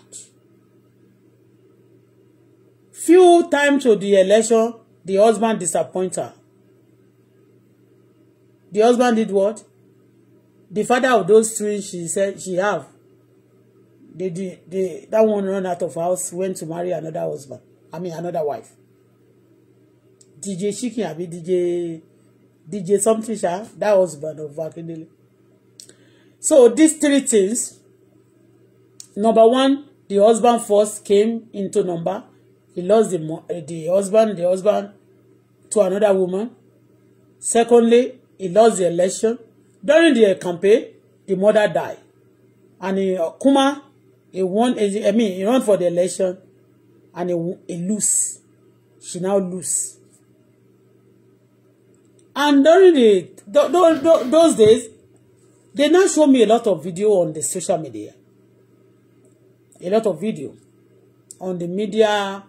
Few times to the election, the husband disappoint her. The husband did what? The father of those three she said she have they did they that one run out of house went to marry another husband i mean another wife dj chicken abi dj dj something sha that husband of Akindele so these three things number one the husband first came into number he lost the eh, the husband the husband to another woman secondly he lost the election during the campaign the mother died and uh, Kuma he won I mean he run for the election and he, he lose she now lose and during the those, those, those days they now show me a lot of video on the social media a lot of video on the media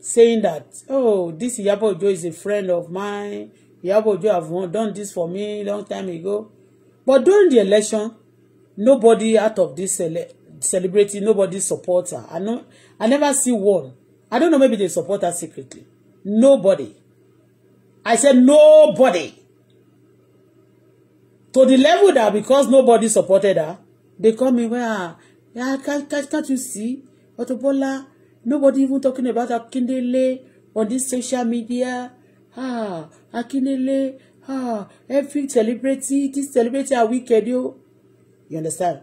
saying that oh this Iyabo Ojo is a friend of mine Iyabo Ojo have won, done this for me long time ago but during the election nobody out of this select celebrating nobody support her i no i never see one i don't know maybe they support her secretly nobody i said nobody to the level that because nobody supported her they call me well yeah can't, can't, can't you see Auto Bola nobody even talking about Akindele on this social media ah Akindele ah every celebrity this celebrity are wicked yo you understand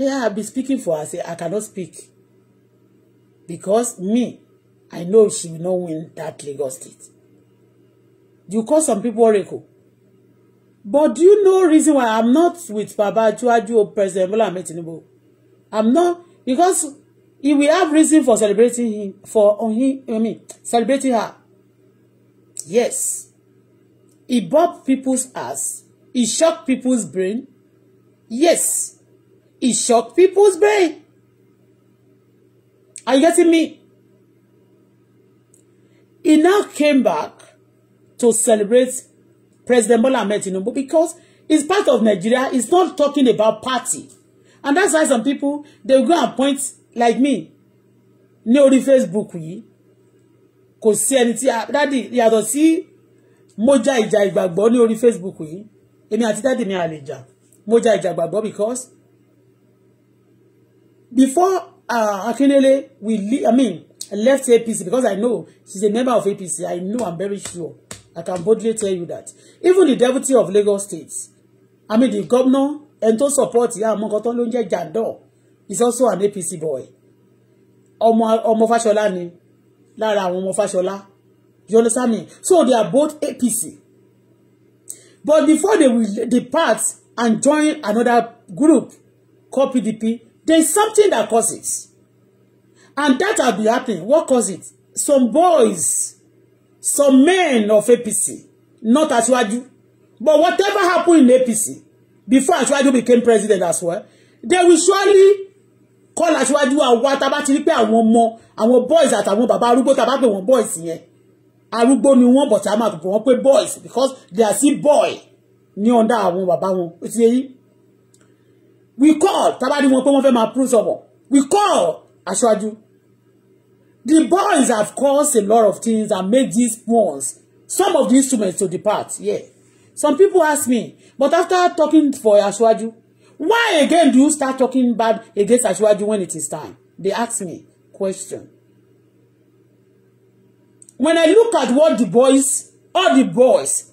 Here I be speaking for her. I say I cannot speak because me, I know she will not win that Lagos State. You call some people oracle. But do you know reason why I'm not with Baba Juaju or President Bola Ahmed Tinubu? I'm not because he will have reason for celebrating him for on him I mean celebrating her. Yes. He bought people's ass. He shocked people's brain. Yes. It shocked people's brain. Are you getting me? He now came back to celebrate President Bola Ahmed Tinubu because it's part of Nigeria. It's not talking about party. And that's why some people, they go and point like me. Ní orí Facebook we, kò see ẹni tí dádì yàtọ̀ sí mo ja ìjà ìgbàgbọ́ ní orí Facebook yìí. Èmi àti dádì mi à lè jà. Mo because before uh, Akinele we I mean left APC because I know she's a member of APC. I know I'm very sure. I can boldly tell you that. Even the deputy of Lagos State, I mean the governor and tó support ìyá àmọ́kọ́tán ló is also an APC boy Omo ọmọ Fáṣọlá ni lára àwọn ọmọ Fáṣọlá you understand me so they are both APC but before they will depart and join another group called PDP There's something that causes. And that will be happening. What causes it? Some boys, some men of APC, not Asiwaju. But whatever happened in APC, before Asiwaju became president as well, they will surely call Asiwaju àwa tá a bá ti rí pé àwọn ọmọ àwọn boys àtàwọn bàbá arúgbó tá a bá pè boys yẹn arúgbó ni wọ́n but a máa pè wọ́n pé boys because they are still boy ni ọ̀dà àwọn bàbá wọn ó ti yẹ we call tábàdí wọn pé wọ́n fẹ́ máa prove sọ̀bọ̀ we call aṣáájú the boys have caused a lot of things and made these ones some of the instruments to depart yeah some people ask me but after talking for aṣáájú why again do you start talking bad against aṣáájú when it is time they ask me question when I look at what the boys all the boys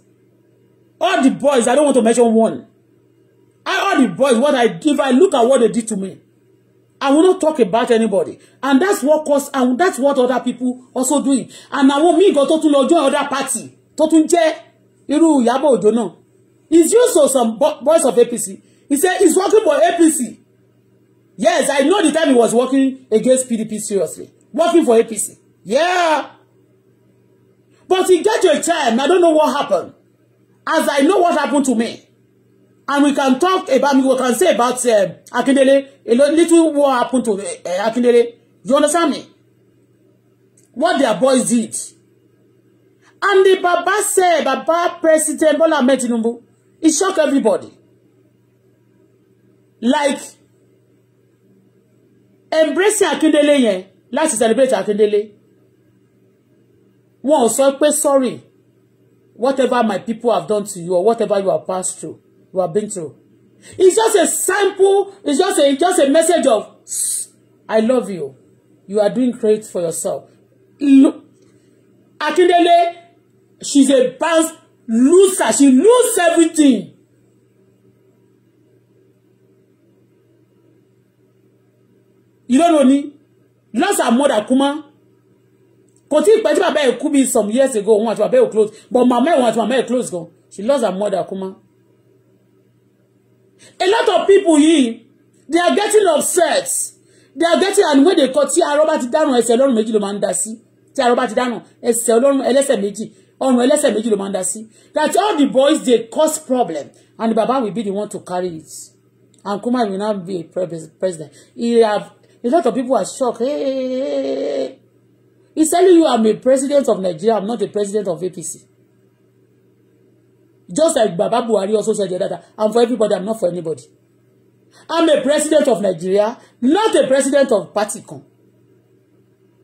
all the boys I don't want to mention one I all the boys, what I if I look at what they did to me, I will not talk about anybody. And that's what cause and that's what other people also doing. And I míì gan go to lọ join other party tó tún jẹ́ irú Ìyábọ̀ Òjó náà. It's used to some boys of APC. He said he's working for APC. Yes, I know the time he was working against PDP seriously. Working for APC. Yeah. But he get your a time, I don't know what happened. As I know what happened to me. And we can talk about, we can say about uh, Akindele, a little what happened to uh, Akindele. You understand me? What their boys did. And the Baba said, Baba President Bola Metinumbu, it shocked everybody. Like, embracing Akindele yẹn, láti celebrate Akindele. so I pé sorry, whatever my people have done to you or whatever you have passed through we have been through. It's just a simple. it's just a, just a message of, I love you. You are doing great for yourself. Look, Akindele, she's a bounce loser. She loses everything. You don't know ni. Lost her mother, Kuma. Continue, but ì pẹ́ tí bàbá some years ago, òun àti bàbá ẹ̀ close. But my mother òun àti màmá ẹ̀ Go, She lost her mother, Kuma. A lot of people here, they are getting upset. They are getting and when they cut tí arọ bá ti dànù ẹsẹ̀ ọlọ́run méjì ló máa ń dá sí. Tí arọ bá ti dànù ẹsẹ̀ ọlọ́run ẹlẹ́sẹ̀ méjì ọrùn ẹlẹ́sẹ̀ méjì ló máa ń dá That all the boys they cause problem and the baba will be the one to carry it. And Nkrumah will now be a president. He have a lot of people are shocked. Hey, hey, hey, hey. He's telling you I'm a president of Nigeria, I'm not a president of APC. Just like Baba Buhari also said the other time, I'm for everybody, I'm not for anybody. I'm a president of Nigeria, not a president of Particon.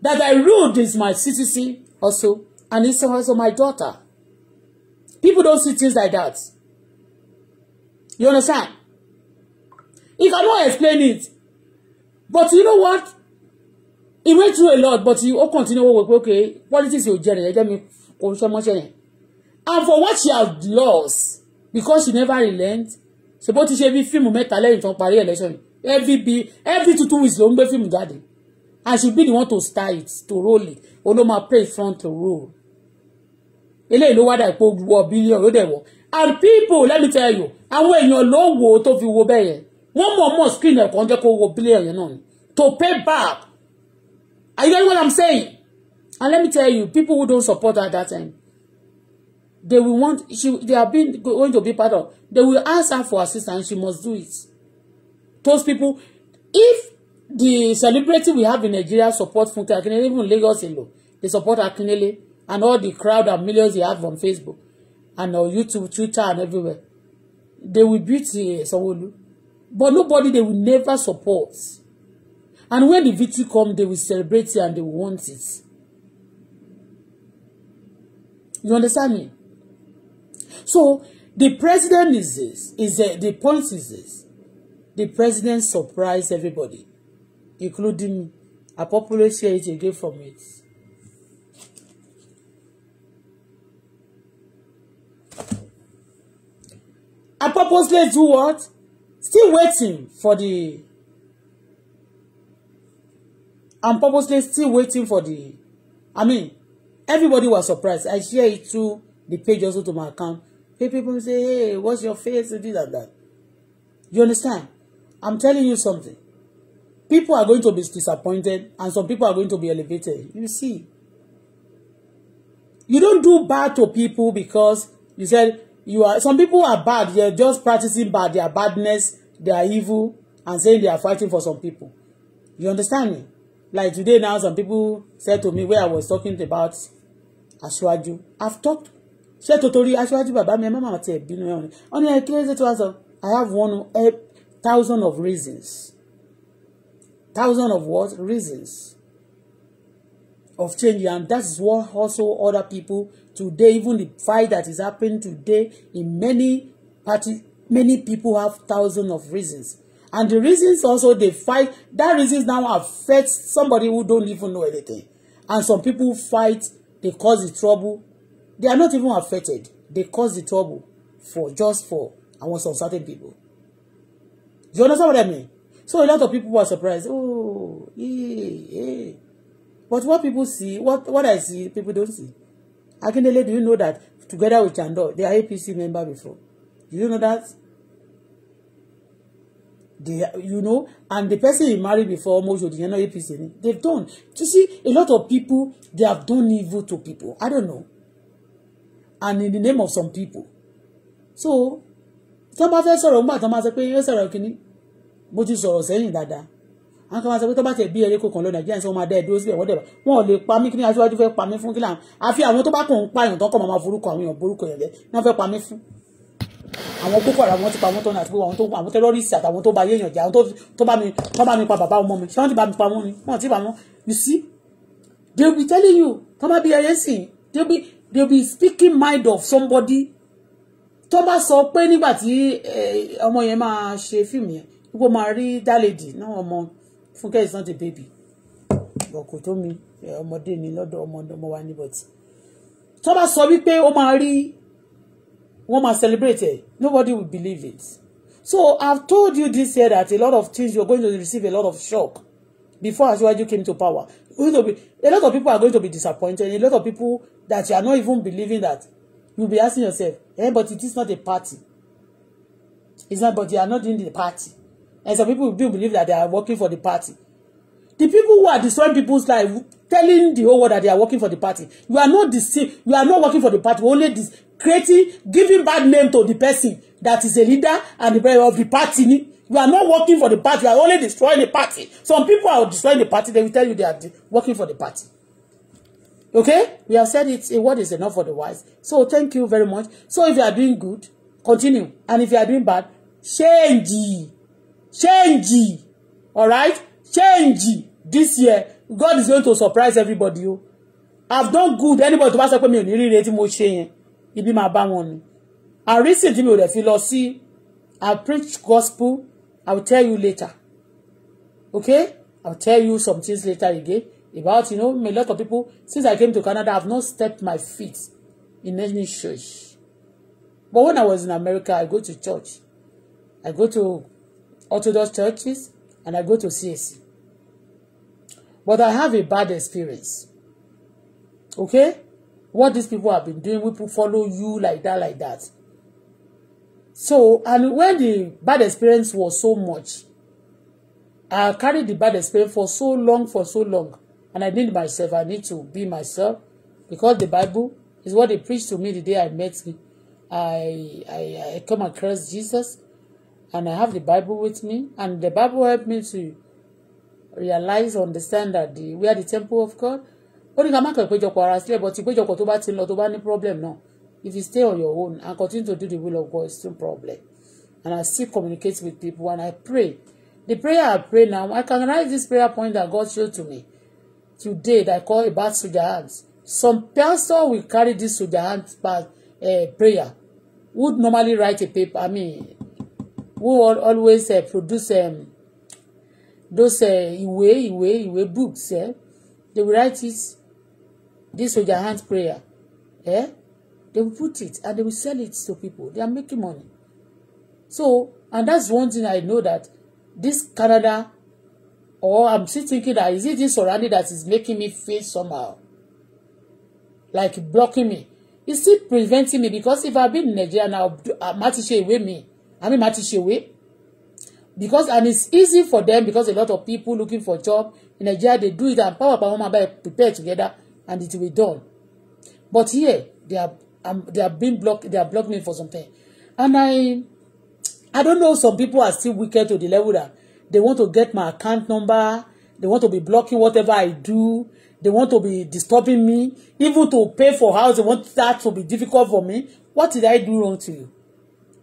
That I ruled is my CCC also, and it's also my daughter. People don't see things like that. You understand? You cannot explain it. But you know what? It went through a lot, but you all continue work, okay, politics yóò jẹ́ rẹ̀, ẹ jẹ́ mi kò ń ṣe and for what she has lost because she never relent ṣe bó ti ṣe bí fíìmù mẹ́ta lẹ́yìn tó ń parí election every be every two two weeks ló ń gbé fíìmù jáde I should be the one to start it to roll it olóma play front to roll eléyìí ló wá dà pé wọ bílíọ̀nù ló dẹ̀ wọ̀ and people let me tell you àwọn èèyàn ló wo tó fi wo bẹ́ẹ̀ yẹn wọ́n mọ̀ mọ̀ screen ẹ̀ kàn jẹ́ kó wo bílíọ̀nù yẹn náà ni to pay back are you getting what I'm saying and let me tell you people who don't support her at that time they will want she they are being going to be part of they will ask her for assistance she must do it those people if the celebrity we have in Nigeria support Funke Akinele even Lagos alone they support Akinele and all the crowd and millions he have on Facebook and on YouTube Twitter and everywhere they will beat the eh, sanwo but nobody they will never support and when the victory come they will celebrate it and they will want it you understand me So the president is this, is a, the point is this. The president surprised everybody, including a I populate share it again from it. I purposely do what? Still waiting for the I'm purposely still waiting for the I mean everybody was surprised. I share it too The page also to my account. Hey, people say, hey, what's your face? And this and that. You understand? I'm telling you something. People are going to be disappointed and some people are going to be elevated. You see. You don't do bad to people because you said you are some people are bad, they're just practicing bad, They are badness, They are evil, and saying they are fighting for some people. You understand me? Like today now, some people said to me where I was talking about Ashwaju. I've talked ṣé tòtòrí aṣáájú bàbá mi ẹ má má tiẹ̀ bínú ẹ̀ wọ́n ní ẹ kí ló dé tó wá sọ I have one eh, thousand of reasons thousand of what reasons of change and that is what also other people today even the fight that is happening today in many party, many people have thousand of reasons and the reasons also they fight that reasons now affect somebody who don't even know anything and some people fight they cause the trouble they are not even affected they cause the trouble for just for I want some certain people Do you understand what I mean so a lot of people were surprised oh yeah, yeah. but what people see what what I see people don't see Akindele do you know that together with Chando they are APC member before do you know that they you know and the person he married before almost you know APC they've done you see a lot of people they have done evil to people I don't know and in the name of some people so tó bá fẹ́ sọ̀rọ̀ ńgbà tó máa sọ pé ó sọ̀rọ̀ kínní mo ti sọ̀rọ̀ sẹ́yìn dáadáa àwọn kan máa sọ pé tó bá tẹ̀ bí eré kọkàn lọ nàìjíríà sọ máa dá ẹ̀dúró síbẹ̀ wọ́n dẹ̀ wọn lè pa mí kí aṣíwájú fẹ́ pa mí fún kí àfi àwọn tó bá kàn ń pààyàn tó kàn máa forúkọ àwọn èèyàn borúkọ yẹn wọ́n fẹ́ pa mí fún àwọn boko haram wọn ti pa wọn tó náà àti they'll be speaking mind of somebody tó bá sọ pé nígbà tí eh, ọmọ yẹn máa ṣe fíìmù yẹn gbogbo máa rí dálèdì náà ọmọ fúnkẹ́ is not a baby ọkọ̀ tó mi eh, ọmọdé ni lọ́dọ̀ ọmọ wa ní bọ̀tì tó bá sọ wípé ó máa rí wọ́n máa celebrate it nobody will believe it so I've told you this year that a lot of things you're going to receive a lot of shock before Aṣíwájú came to power going to be a lot of people are going to be disappointed a lot of people that you are not even believing that you'll be asking yourself eh but it is not a party it's not but you are not in the party and some people do believe that they are working for the party the people who are destroying people's life telling the whole world that they are working for the party you are not deceived you are not working for the party only this creating giving bad name to the person that is a leader and the president of the party You are not working for the party. You are only destroying the party. Some people are destroying the party. They will tell you they are working for the party. Okay? We have said it. A word is enough for the wise. So thank you very much. So if you are doing good, continue. And if you are doing bad, change. Change. All right? Change. This year, God is going to surprise everybody. Oh. I've done good. Anybody to bá sọ pé mi ò ní rírè tí mo ṣe yẹn, ibi máa bá wọn ni. And reason tí I preach gospel I will tell you later. Okay? I will tell you some things later again about, you know, a lot of people, since I came to Canada, I have not stepped my feet in any church. But when I was in America, I go to church. I go to Orthodox churches and I go to CAC. But I have a bad experience. Okay? What these people have been doing, people follow you like that, like that. So, and when the bad experience was so much, I carried the bad experience for so long, for so long. And I need myself, I need to be myself. Because the Bible is what they preached to me the day I met him. I, I, I come across Jesus and I have the Bible with me. And the Bible helped me to realize, understand that the, we are the temple of God. Ó ní ká má kàn péjọpọ̀ ara sílẹ̀ bọ́ ti tó bá ti lọ tó bá ní problem náà if you stay on your own and continue to do the will of God it's no problem and I still communicate with people and I pray the prayer I pray now I can write this prayer point that God showed to me today that I call about their hands some pastor will carry this their hands uh, prayer would normally write a paper I mean who always uh, produce um, those uh, way, way ìwé books eh? they will write it this with their hands prayer eh? they will put it and they will sell it to people they are making money so and that's one thing I know that this Canada or I'm still thinking that is it this surrounding that is making me feel somehow like blocking me is still preventing me because if I've been in Nigeria now uh, ma ti me, I mean ma ti because and it's easy for them because a lot of people looking for job in Nigeria they do it and power power man by prepare together and it will be done but here they are um, they are being blocked they are blocking me for something, and I I don't know some people are still wicked to the level that they want to get my account number they want to be blocking whatever I do they want to be disturbing me even to pay for house they want that to be difficult for me what did I do wrong to you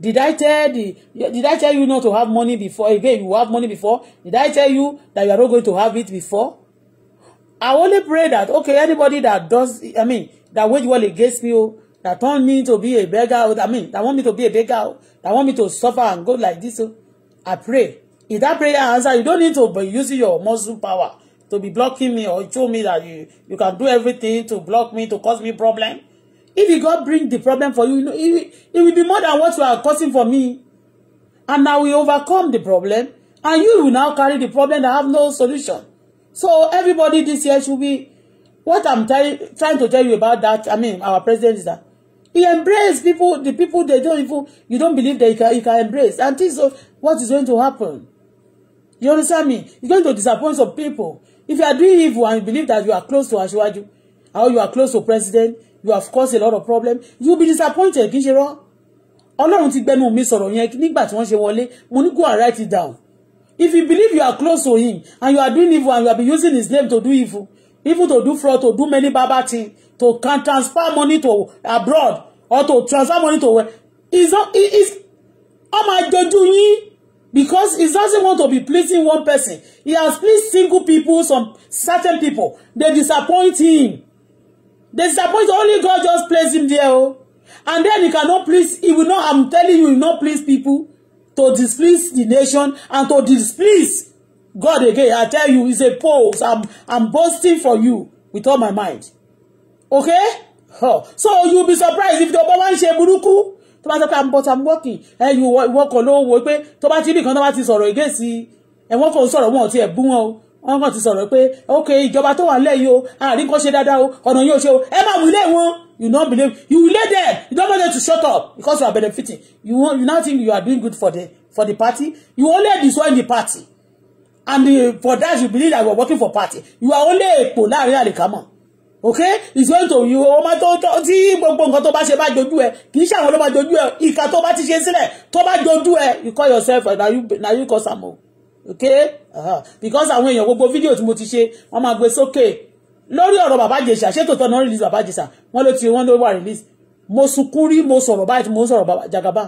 did I tell the did I tell you not to have money before again you have money before did I tell you that you are not going to have it before I only pray that okay anybody that does I mean that wage war against me oh that want me to be a beggar. I mean, that want me to be a beggar. That want me to suffer and go like this. I pray. If that prayer answer, you don't need to be using your muscle power to be blocking me or show me that you, you can do everything to block me, to cause me problem. If you God bring the problem for you, you know, it, it will be more than what you are causing for me. And now we overcome the problem. And you will now carry the problem that have no solution. So everybody this year should be, what I'm trying to tell you about that, I mean, our president is that He embrace people, the people they don't even, you don't believe that you can, you can embrace. And this is what is going to happen. You understand me? It's going to disappoint some people. If you are doing evil and you believe that you are close to Asiwaju, or you are close to president, you have caused a lot of problem, you will be disappointed, kì í ṣe rọ́. Ọlọ́run ti gbẹnu mi sọ̀rọ̀ yẹn nígbà tí wọ́n ṣe wọlé, mo ní go and write it down. If you believe you are close to him and you are doing evil and you have been using his name to do evil, even to do fraud, to do many bad bad things, to can transfer money to abroad or to transfer money to where is not it is ó máa jọjú yín because he doesn't want to be pleasing one person he has pleased single people some certain people they disappoint him they disappoint only God just placed him there oh. and then he cannot please he will not I'm telling you he will not please people to displease the nation and to displease God again I tell you he's a pose I'm I'm boasting for you with all my mind okay oh. so you be surprised if the wa ń ṣe burúkú tó bá sọ pé i'm but i'm working ẹ yù wọ́n kàn ló wo pé tó bá ti nìkan tó bá ti sọ̀rọ̀ ìgéèsì e. ẹ̀wọ́n kò sọ̀rọ̀ wọn ò tiẹ̀ bú wọn o wọ́n kàn ti sọ̀rọ̀ pé ok ìjọba tó wà nílẹ̀ yìí o àárín kan ṣe dáadáa o ọ̀nà yóò ṣe o ẹ máa wù ilé you no believe you will lay there you don't want them to shut up because you are benefiting you want, you now think you are doing good for the for the party you only destroy the party and the, uh, for that you believe that you are working for party you are only a polar èpò come on okay it's going to you ọmọ tó tó tí gbogbo nǹkan tó bá ṣe bá jojú ẹ kì í ṣe àwọn ló máa jojú ẹ ìka tó bá ti ṣe sílẹ̀ tó bá jojú ẹ you call yourself na you na you call am o okay uh because àwọn èèyàn gbogbo fídíò tí mo ti ṣe wọ́n máa gbé sókè lórí ọ̀rọ̀ bàbá jèṣà ṣé tòótọ́ náà release bàbá jèṣà wọ́n ló ti wọ́n ló wà release mo sunkún rí mo sọ̀rọ̀ báyìí tí mo sọ̀rọ̀ bàbá jagaba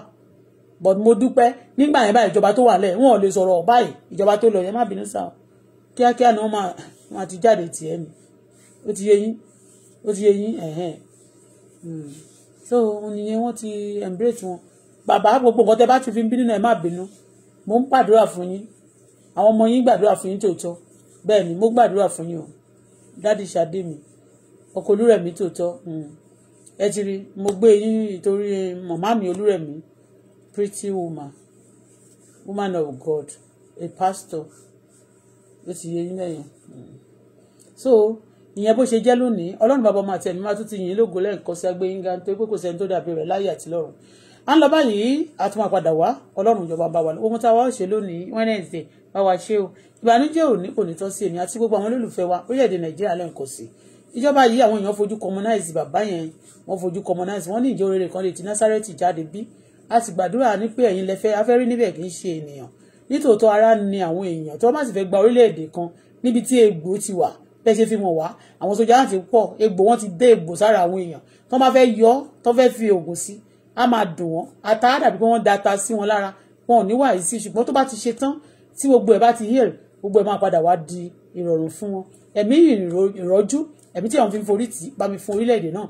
but mo dúpẹ́ nígbà yẹn báyìí ìjọba tó wà lẹ̀ wọn ò lè sọ̀rọ̀ báyìí ìjọba tó lọ yẹn má bínú sáà kíákíá ni wọ́n máa ti jáde tiẹ̀ mi ó ti yé ó ti yé yín hmm. so nìyẹn wọ́n ti embrace wọn bàbá gbogbo nǹkan tẹ́ bá ti fi ń bínú náà ẹ má bínú mo ń pàdúrà fún yín àwọn ọmọ yín gbàdúrà fún yín tòótọ́ bẹ́ẹ̀ ni mo gbàdúrà fún yín o dáàdi ṣàdé mi ọkọ olúrẹ̀mí tòótọ́ hmm. ẹ ti rí mo gbé e yín nítorí màmá mi olúrẹ̀mí pretty woman woman of God a pastor ó ti yé yín lẹ́yìn hmm. so ìyẹn bó ṣe jẹ́ lónìí ọlọ́run bàbá ọmọ àti ẹ̀mí máa tún ti yìn lógo lẹ́ẹ̀kan sí agbẹ́yìnga nítorí pé kò sẹ́ni tó dàbí rẹ̀ láyé àti lọ́run à ń lọ báyìí a tún máa padà wá ọlọ́run ìjọba bá wa lọ ohun tá a wá ṣe lónìí Wednesday bá wa ṣe o ìbànújẹ́ òní kò ní tọ́ sí èmi àti gbogbo àwọn olólùfẹ́ wa orílẹ̀-èdè Nàìjíríà lẹ́ǹkan sí ìjọba yìí àwọn èèyàn fojú commonize bàbá yẹn wọ́n fojú commonize wọ́n ní ìjọ kan lè ti Násárẹ́tì jáde bí a sì gbàdúrà ní pé ẹ̀yin lẹ́fẹ́ afẹ́rí níbẹ̀ kì í ṣe ènìyàn nítòótọ́ ara ni àwọn èèyàn tí wọ́n bá sì fẹ́ gba orílẹ̀ kan níbi tí egbò ti wà bẹ́ẹ̀ ṣe fi wọn wá àwọn sójà láti pọ̀ egbò wọn ti dé egbò sára àwọn èèyàn tó máa fẹ́ yọ tó fẹ́ fi oògùn sí á máa dùn wọ́n ata á dàbí pé wọ́n da ata sí wọn lára wọn ò níwà yìí sí ṣùgbọ́n tó bá ti ṣe tán tí gbogbo ẹ̀ bá ti heal gbogbo ẹ̀ máa padà wá di ìrọ̀rùn fún wọn ẹ̀mí ìrọ̀jú ẹ̀mí tí àwọn fi ń forí tì bá mi fún orílẹ̀-èdè náà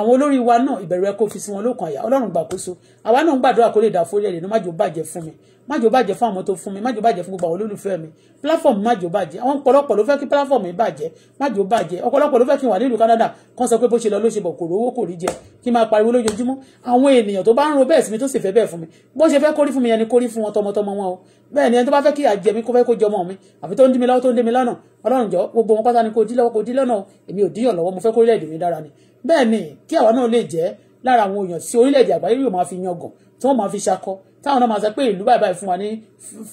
àwọn olórí wa náà ìbẹ̀rù ẹ kó fi sí wọn lókàn àyà ọlọ́run gbàkóso àwa náà ń gbàdúrà kó lè dà fún orílẹ̀-èdè náà má jò bàjẹ́ fún mi má jò bàjẹ́ fún àwọn tó fún mi má bàjẹ́ fún gbogbo àwọn olólùfẹ́ mi platform má jò bàjẹ́ àwọn ọ̀pọ̀lọpọ̀ ló fẹ́ kí platform mi bàjẹ́ má jò bàjẹ́ ọ̀pọ̀lọpọ̀ ló fẹ́ kí n wà nílùú Canada kán sọ pé bó ṣe lọ ló ṣe bọ̀ kò rówó kò rí jẹ kí n máa pariwo lójoojúmọ́ àwọn ènìyàn tó bá ń ro bẹ́ẹ̀ sí mi tó sì fẹ́ bẹ́ẹ̀ fún mi bó ṣe fẹ́ kórí fún mi yẹn ni kórí fún wọn tọmọtọmọ wọn o bẹ́ẹ̀ ni ẹni tó bá fẹ́ kí àjẹ mi kó fẹ́ kó jọmọ mi àfi tó ń dí mi lọ́wọ́ tó ń dí mi lọ́nà Ọlọ́run jọ gbogbo wọn pátá ni kò dí lọ́wọ́ kò dí lọ́nà èmi ò díyàn lọ́wọ́ mo fẹ́ kórílẹ̀-èdè mi dára ni bẹ́ẹ̀ ni kí àwa náà lè jẹ́ lára àwọn èèyàn tí orílẹ̀-èdè àgbáyé yóò máa fi yan tí wọ́n máa fi ṣakọ táwọn náà máa sọ pé ìlú báyìí fún wa ní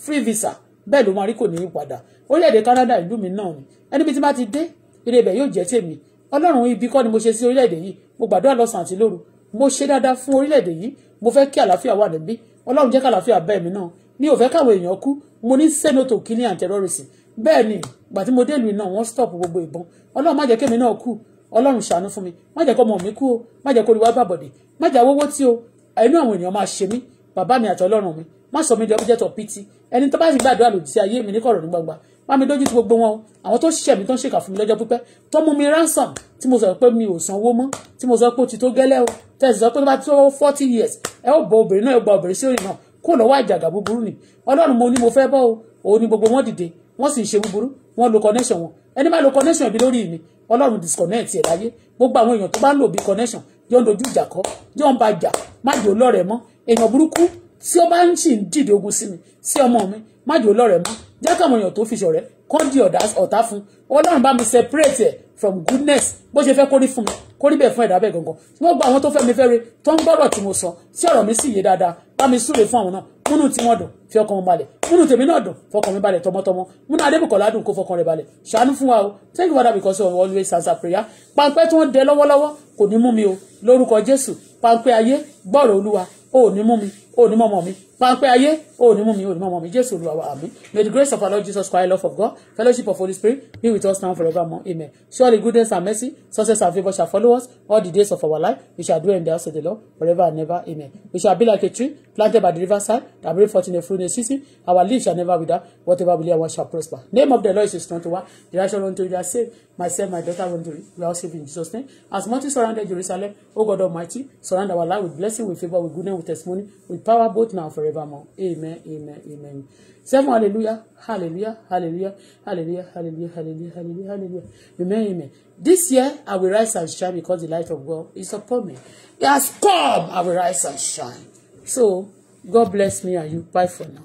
free visa bẹ́ẹ̀ ló máa rí kò ní padà orílẹ̀-èdè Canada ìlú mi náà ni ẹni bí ti bá ti dé ire ibẹ̀ yóò jẹ́ tèmi Ọlọ́run ibi kọ́ ni mo ṣe sí orílẹ̀-èdè yìí mo gbàdúrà lọ́sàn-án àti lóru mo ṣe dáadáa fún orílẹ̀-èdè yìí mo fẹ́ kí àlàáfíà wà níbí Ọlọ́run jẹ́ kàlàáfíà bẹ́ẹ̀ mi náà mi ò fẹ́ káwọn èèyàn kú mo ní sẹ́nu tó and terrorism bẹ́ẹ̀ ni ìgbà tí mo dé ìlú náà wọ́n stop gbogbo ìbọn Ọlọ́run má jẹ́ kémi náà kú Ọlọ́run ṣàánú fún mi má jẹ́ kọ́mọ mi kú o má jẹ́ kórí wá bàbọ̀dé má jẹ́ awówó tí o ẹnu àwọn ènìyàn máa ṣe mí bàbá mi àti ọlọ́run mi má sọ mi di object of pity ẹni tó bá sì gbàdúrà lòdì sí ayé mi ní kọ̀rọ̀ ní gbangba má mi dójú ti gbogbo wọn o àwọn tó ṣiṣẹ́ mi tó ń ṣèkà fún mi lọ́jọ́ pípẹ́ tó mú mi ransom tí mo sọ pé mi ò sanwó mọ́ tí mo sọ pé ó ti tó gẹ́lẹ́ o tẹ̀sí sọ pé tó bá tó forty years ẹ ó bọ obìnrin náà ẹ gba obìnrin sí òrìn náà kó lọ́wọ́ àjàgà búburú ni ọlọ́run mo ní mo fẹ́ bọ́ o òun ni gbogbo wọn dìde wọ́n sì ń ṣe búburú wọ́n lo connection wọn ẹni máa lo connection ibi lórí mi ọlọ́run disconnect ẹ̀ láyé gbogbo àwọn èèyàn tó bá ń lò bí connection jọ ń dojú ìjà kọ́ jọ ń ba jà má jò lọ́rẹ̀ẹ́ mọ́ èèyàn burúkú tí ó bá ń sì ń dìde ogun sí mi sí ọmọ mi má jò lọ́rẹ̀ mọ́ jẹ́ káwọn èèyàn tó fi ṣọ̀rẹ́ kán di ọ̀tá fún ọlọ́run bá mi separate from goodness bó ṣe fẹ́ kórí fún mi kórí bẹ́ẹ̀ fún ẹ̀dá bẹ́ẹ̀ gangan wọ́n gba àwọn tó fẹ́ mi fẹ́ re tó ń gbọ́dọ̀ tí mo sọ tí ọ̀rọ̀ mi sì yé dáadáa bá mi súre fún àwọn náà múnú tí wọ́n dùn fi ọkàn wọn balẹ̀ múnú tèmi náà dùn fọkàn mi balẹ̀ tọmọtọmọ múnú adébùkọ̀lá dùn kó fọkàn rẹ̀ balẹ̀ ṣàánú fún wa o thank you father because of always answer prayer pampẹ́ tí wọ́n dẹ lọ́wọ́lọ́wọ́ kò ní mú mi o lórúkọ jésù pampẹ́ ayé gbọ́rọ̀ olúwa o ò ní mú mi o ní mọ́mọ́ mi pápẹ́ ayé o ní mú mi o ní mọ́mọ́ mi jésù olúwa wa àmín may the grace of our lord jesus christ love of god fellowship of holy spirit be with us now forevermore amen surely goodness and mercy success and favour shall follow us all the days of our life we shall do in the house of the lord forever and ever amen we shall be like a tree planted by the river side that bring forth in the fruit in the season our leaves shall never wither whatever we lay, do shall prosper name of the lord is his strong tower the righteous run to it they are myself my daughter run to it we are all saved in jesus name as multi surrounded jerusalem o god almighty surround our life with blessing with favour with goodness with testimony with power both now forevermore. Amen, amen, amen. Seven hallelujah, hallelujah, hallelujah, hallelujah, hallelujah, hallelujah, hallelujah, hallelujah. Amen, amen. This year I will rise and shine because the light of God is upon me. It has come, I will rise and shine. So, God bless me and you. Bye for now.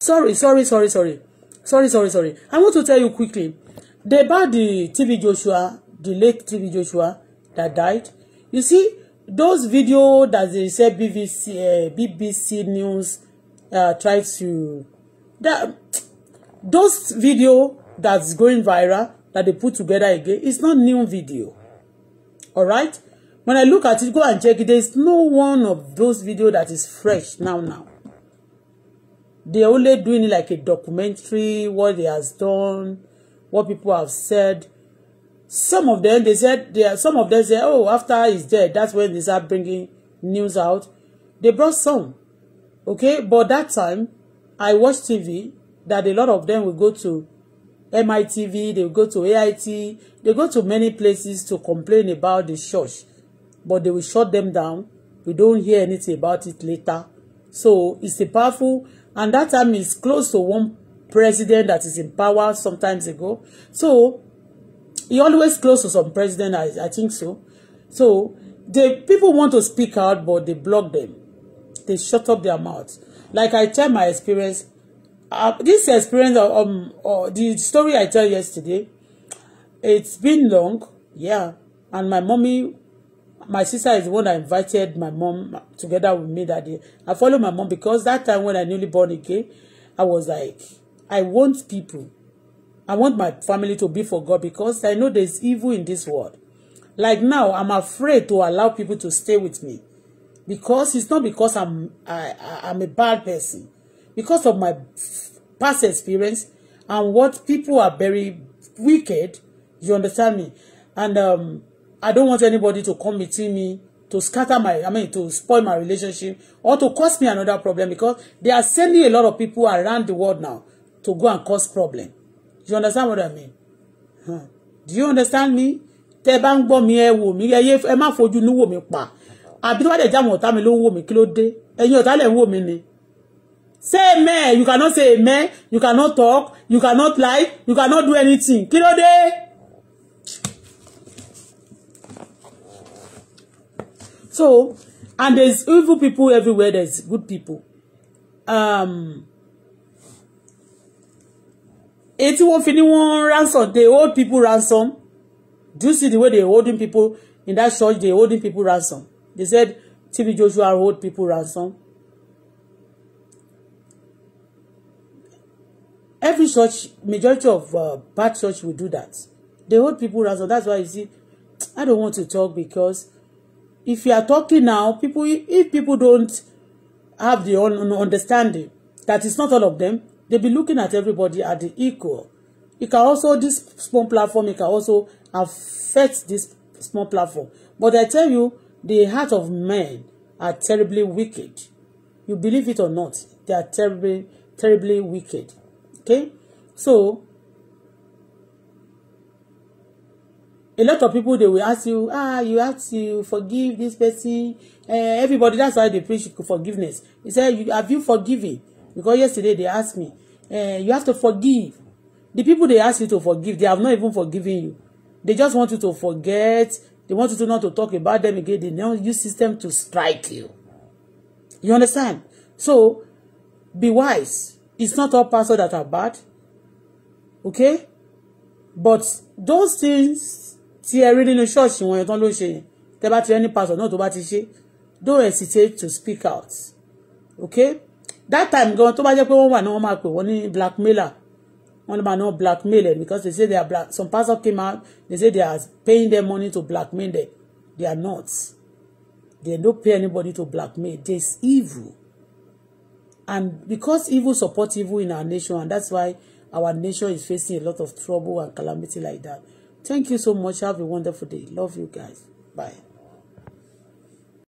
Sorry, sorry, sorry, sorry. Sorry, sorry, sorry. I want to tell you quickly. They bought the TV Joshua, the late TV Joshua that died. You see, those video that they say BBC uh, eh, BBC News uh, try to that those video that's going viral that they put together again it's not new video all right when I look at it go and check it there's no one of those video that is fresh now now they only doing like a documentary what they has done what people have said some of them they said they some of them said oh after he's dead that's when they start bringing news out they brought some okay but that time I watched TV that a lot of them will go to MITV they will go to AIT they go to many places to complain about the church but they will shut them down we don't hear anything about it later so it's a powerful and that time is close to one president that is in power sometimes ago so he always close to some president I, I think so so the people want to speak out but they block them they shut up their mouth like I tell my experience uh, this experience of uh, um, uh, the story I tell yesterday it's been long yeah and my mommy my sister is the one that invited my mom together with me that day I follow my mom because that time when I newly born again I was like I want people I want my family to be for God because I know there's evil in this world. Like now, I'm afraid to allow people to stay with me because it's not because I'm I, I, I'm a bad person. Because of my past experience and what people are very wicked, you understand me? And um, I don't want anybody to come between me to scatter my, I mean, to spoil my relationship or to cause me another problem because they are sending a lot of people around the world now to go and cause problem. Do you understand what I mean huh. do you understand me tẹ́ bá ń mi e wo mi ẹyẹ ẹ má fojú inú wò mí pa àbí tó bá dẹ̀ já àwọn mi ló wò mí kí ló dé ẹ̀yin ọ̀tá lẹ̀ ń wò mí ni say amen you cannot say amen you cannot talk you cannot lie you cannot do anything kí ló dé. so and there's evil people everywhere there's good people. Um, èyí tí wọ́n fi ní wọ́n ransom they hold people ransom do you see the way they holding people in that church they holding people ransom they said TB Joshua hold people ransom every church majority of uh, bad church will do that they hold people ransom that's why you see I don't want to talk because if you are talking now people if people don't have the understanding that it's not all of them they be looking at everybody at the equal it can also this small platform it can also affect this small platform but I tell you the heart of men are terribly wicked you believe it or not they are terribly terribly wicked okay so a lot of people they will ask you ah you have to forgive this person uh, everybody that's why they preach forgiveness he said have you forgiven because yesterday they asked me eh, you have to forgive the people they ask you to forgive they have not even forgiven you they just want you to forget they want you to not to talk about them again they now use system to strike you you understand so be wise it's not all pastors that are bad okay but those things tí ẹ rí nínú ṣọ́ọ̀ṣì you yẹn tán ló ṣe yẹn tẹ́ bá ti ẹni pastor náà tó don't hesitate to speak out okay that time gan tó bá jẹ́ pé wọ́n wà ní wọ́n máa pè wọ́n ní blackmailer wọ́n ló máa ná blackmail them because they say they are black some pastor came out they say they are paying them money to blackmail them they are not they don't pay anybody to blackmail there is evil and because evil support evil in our nation and that's why our nation is facing a lot of trouble and calamity like that thank you so much have a wonderful day love you guys bye.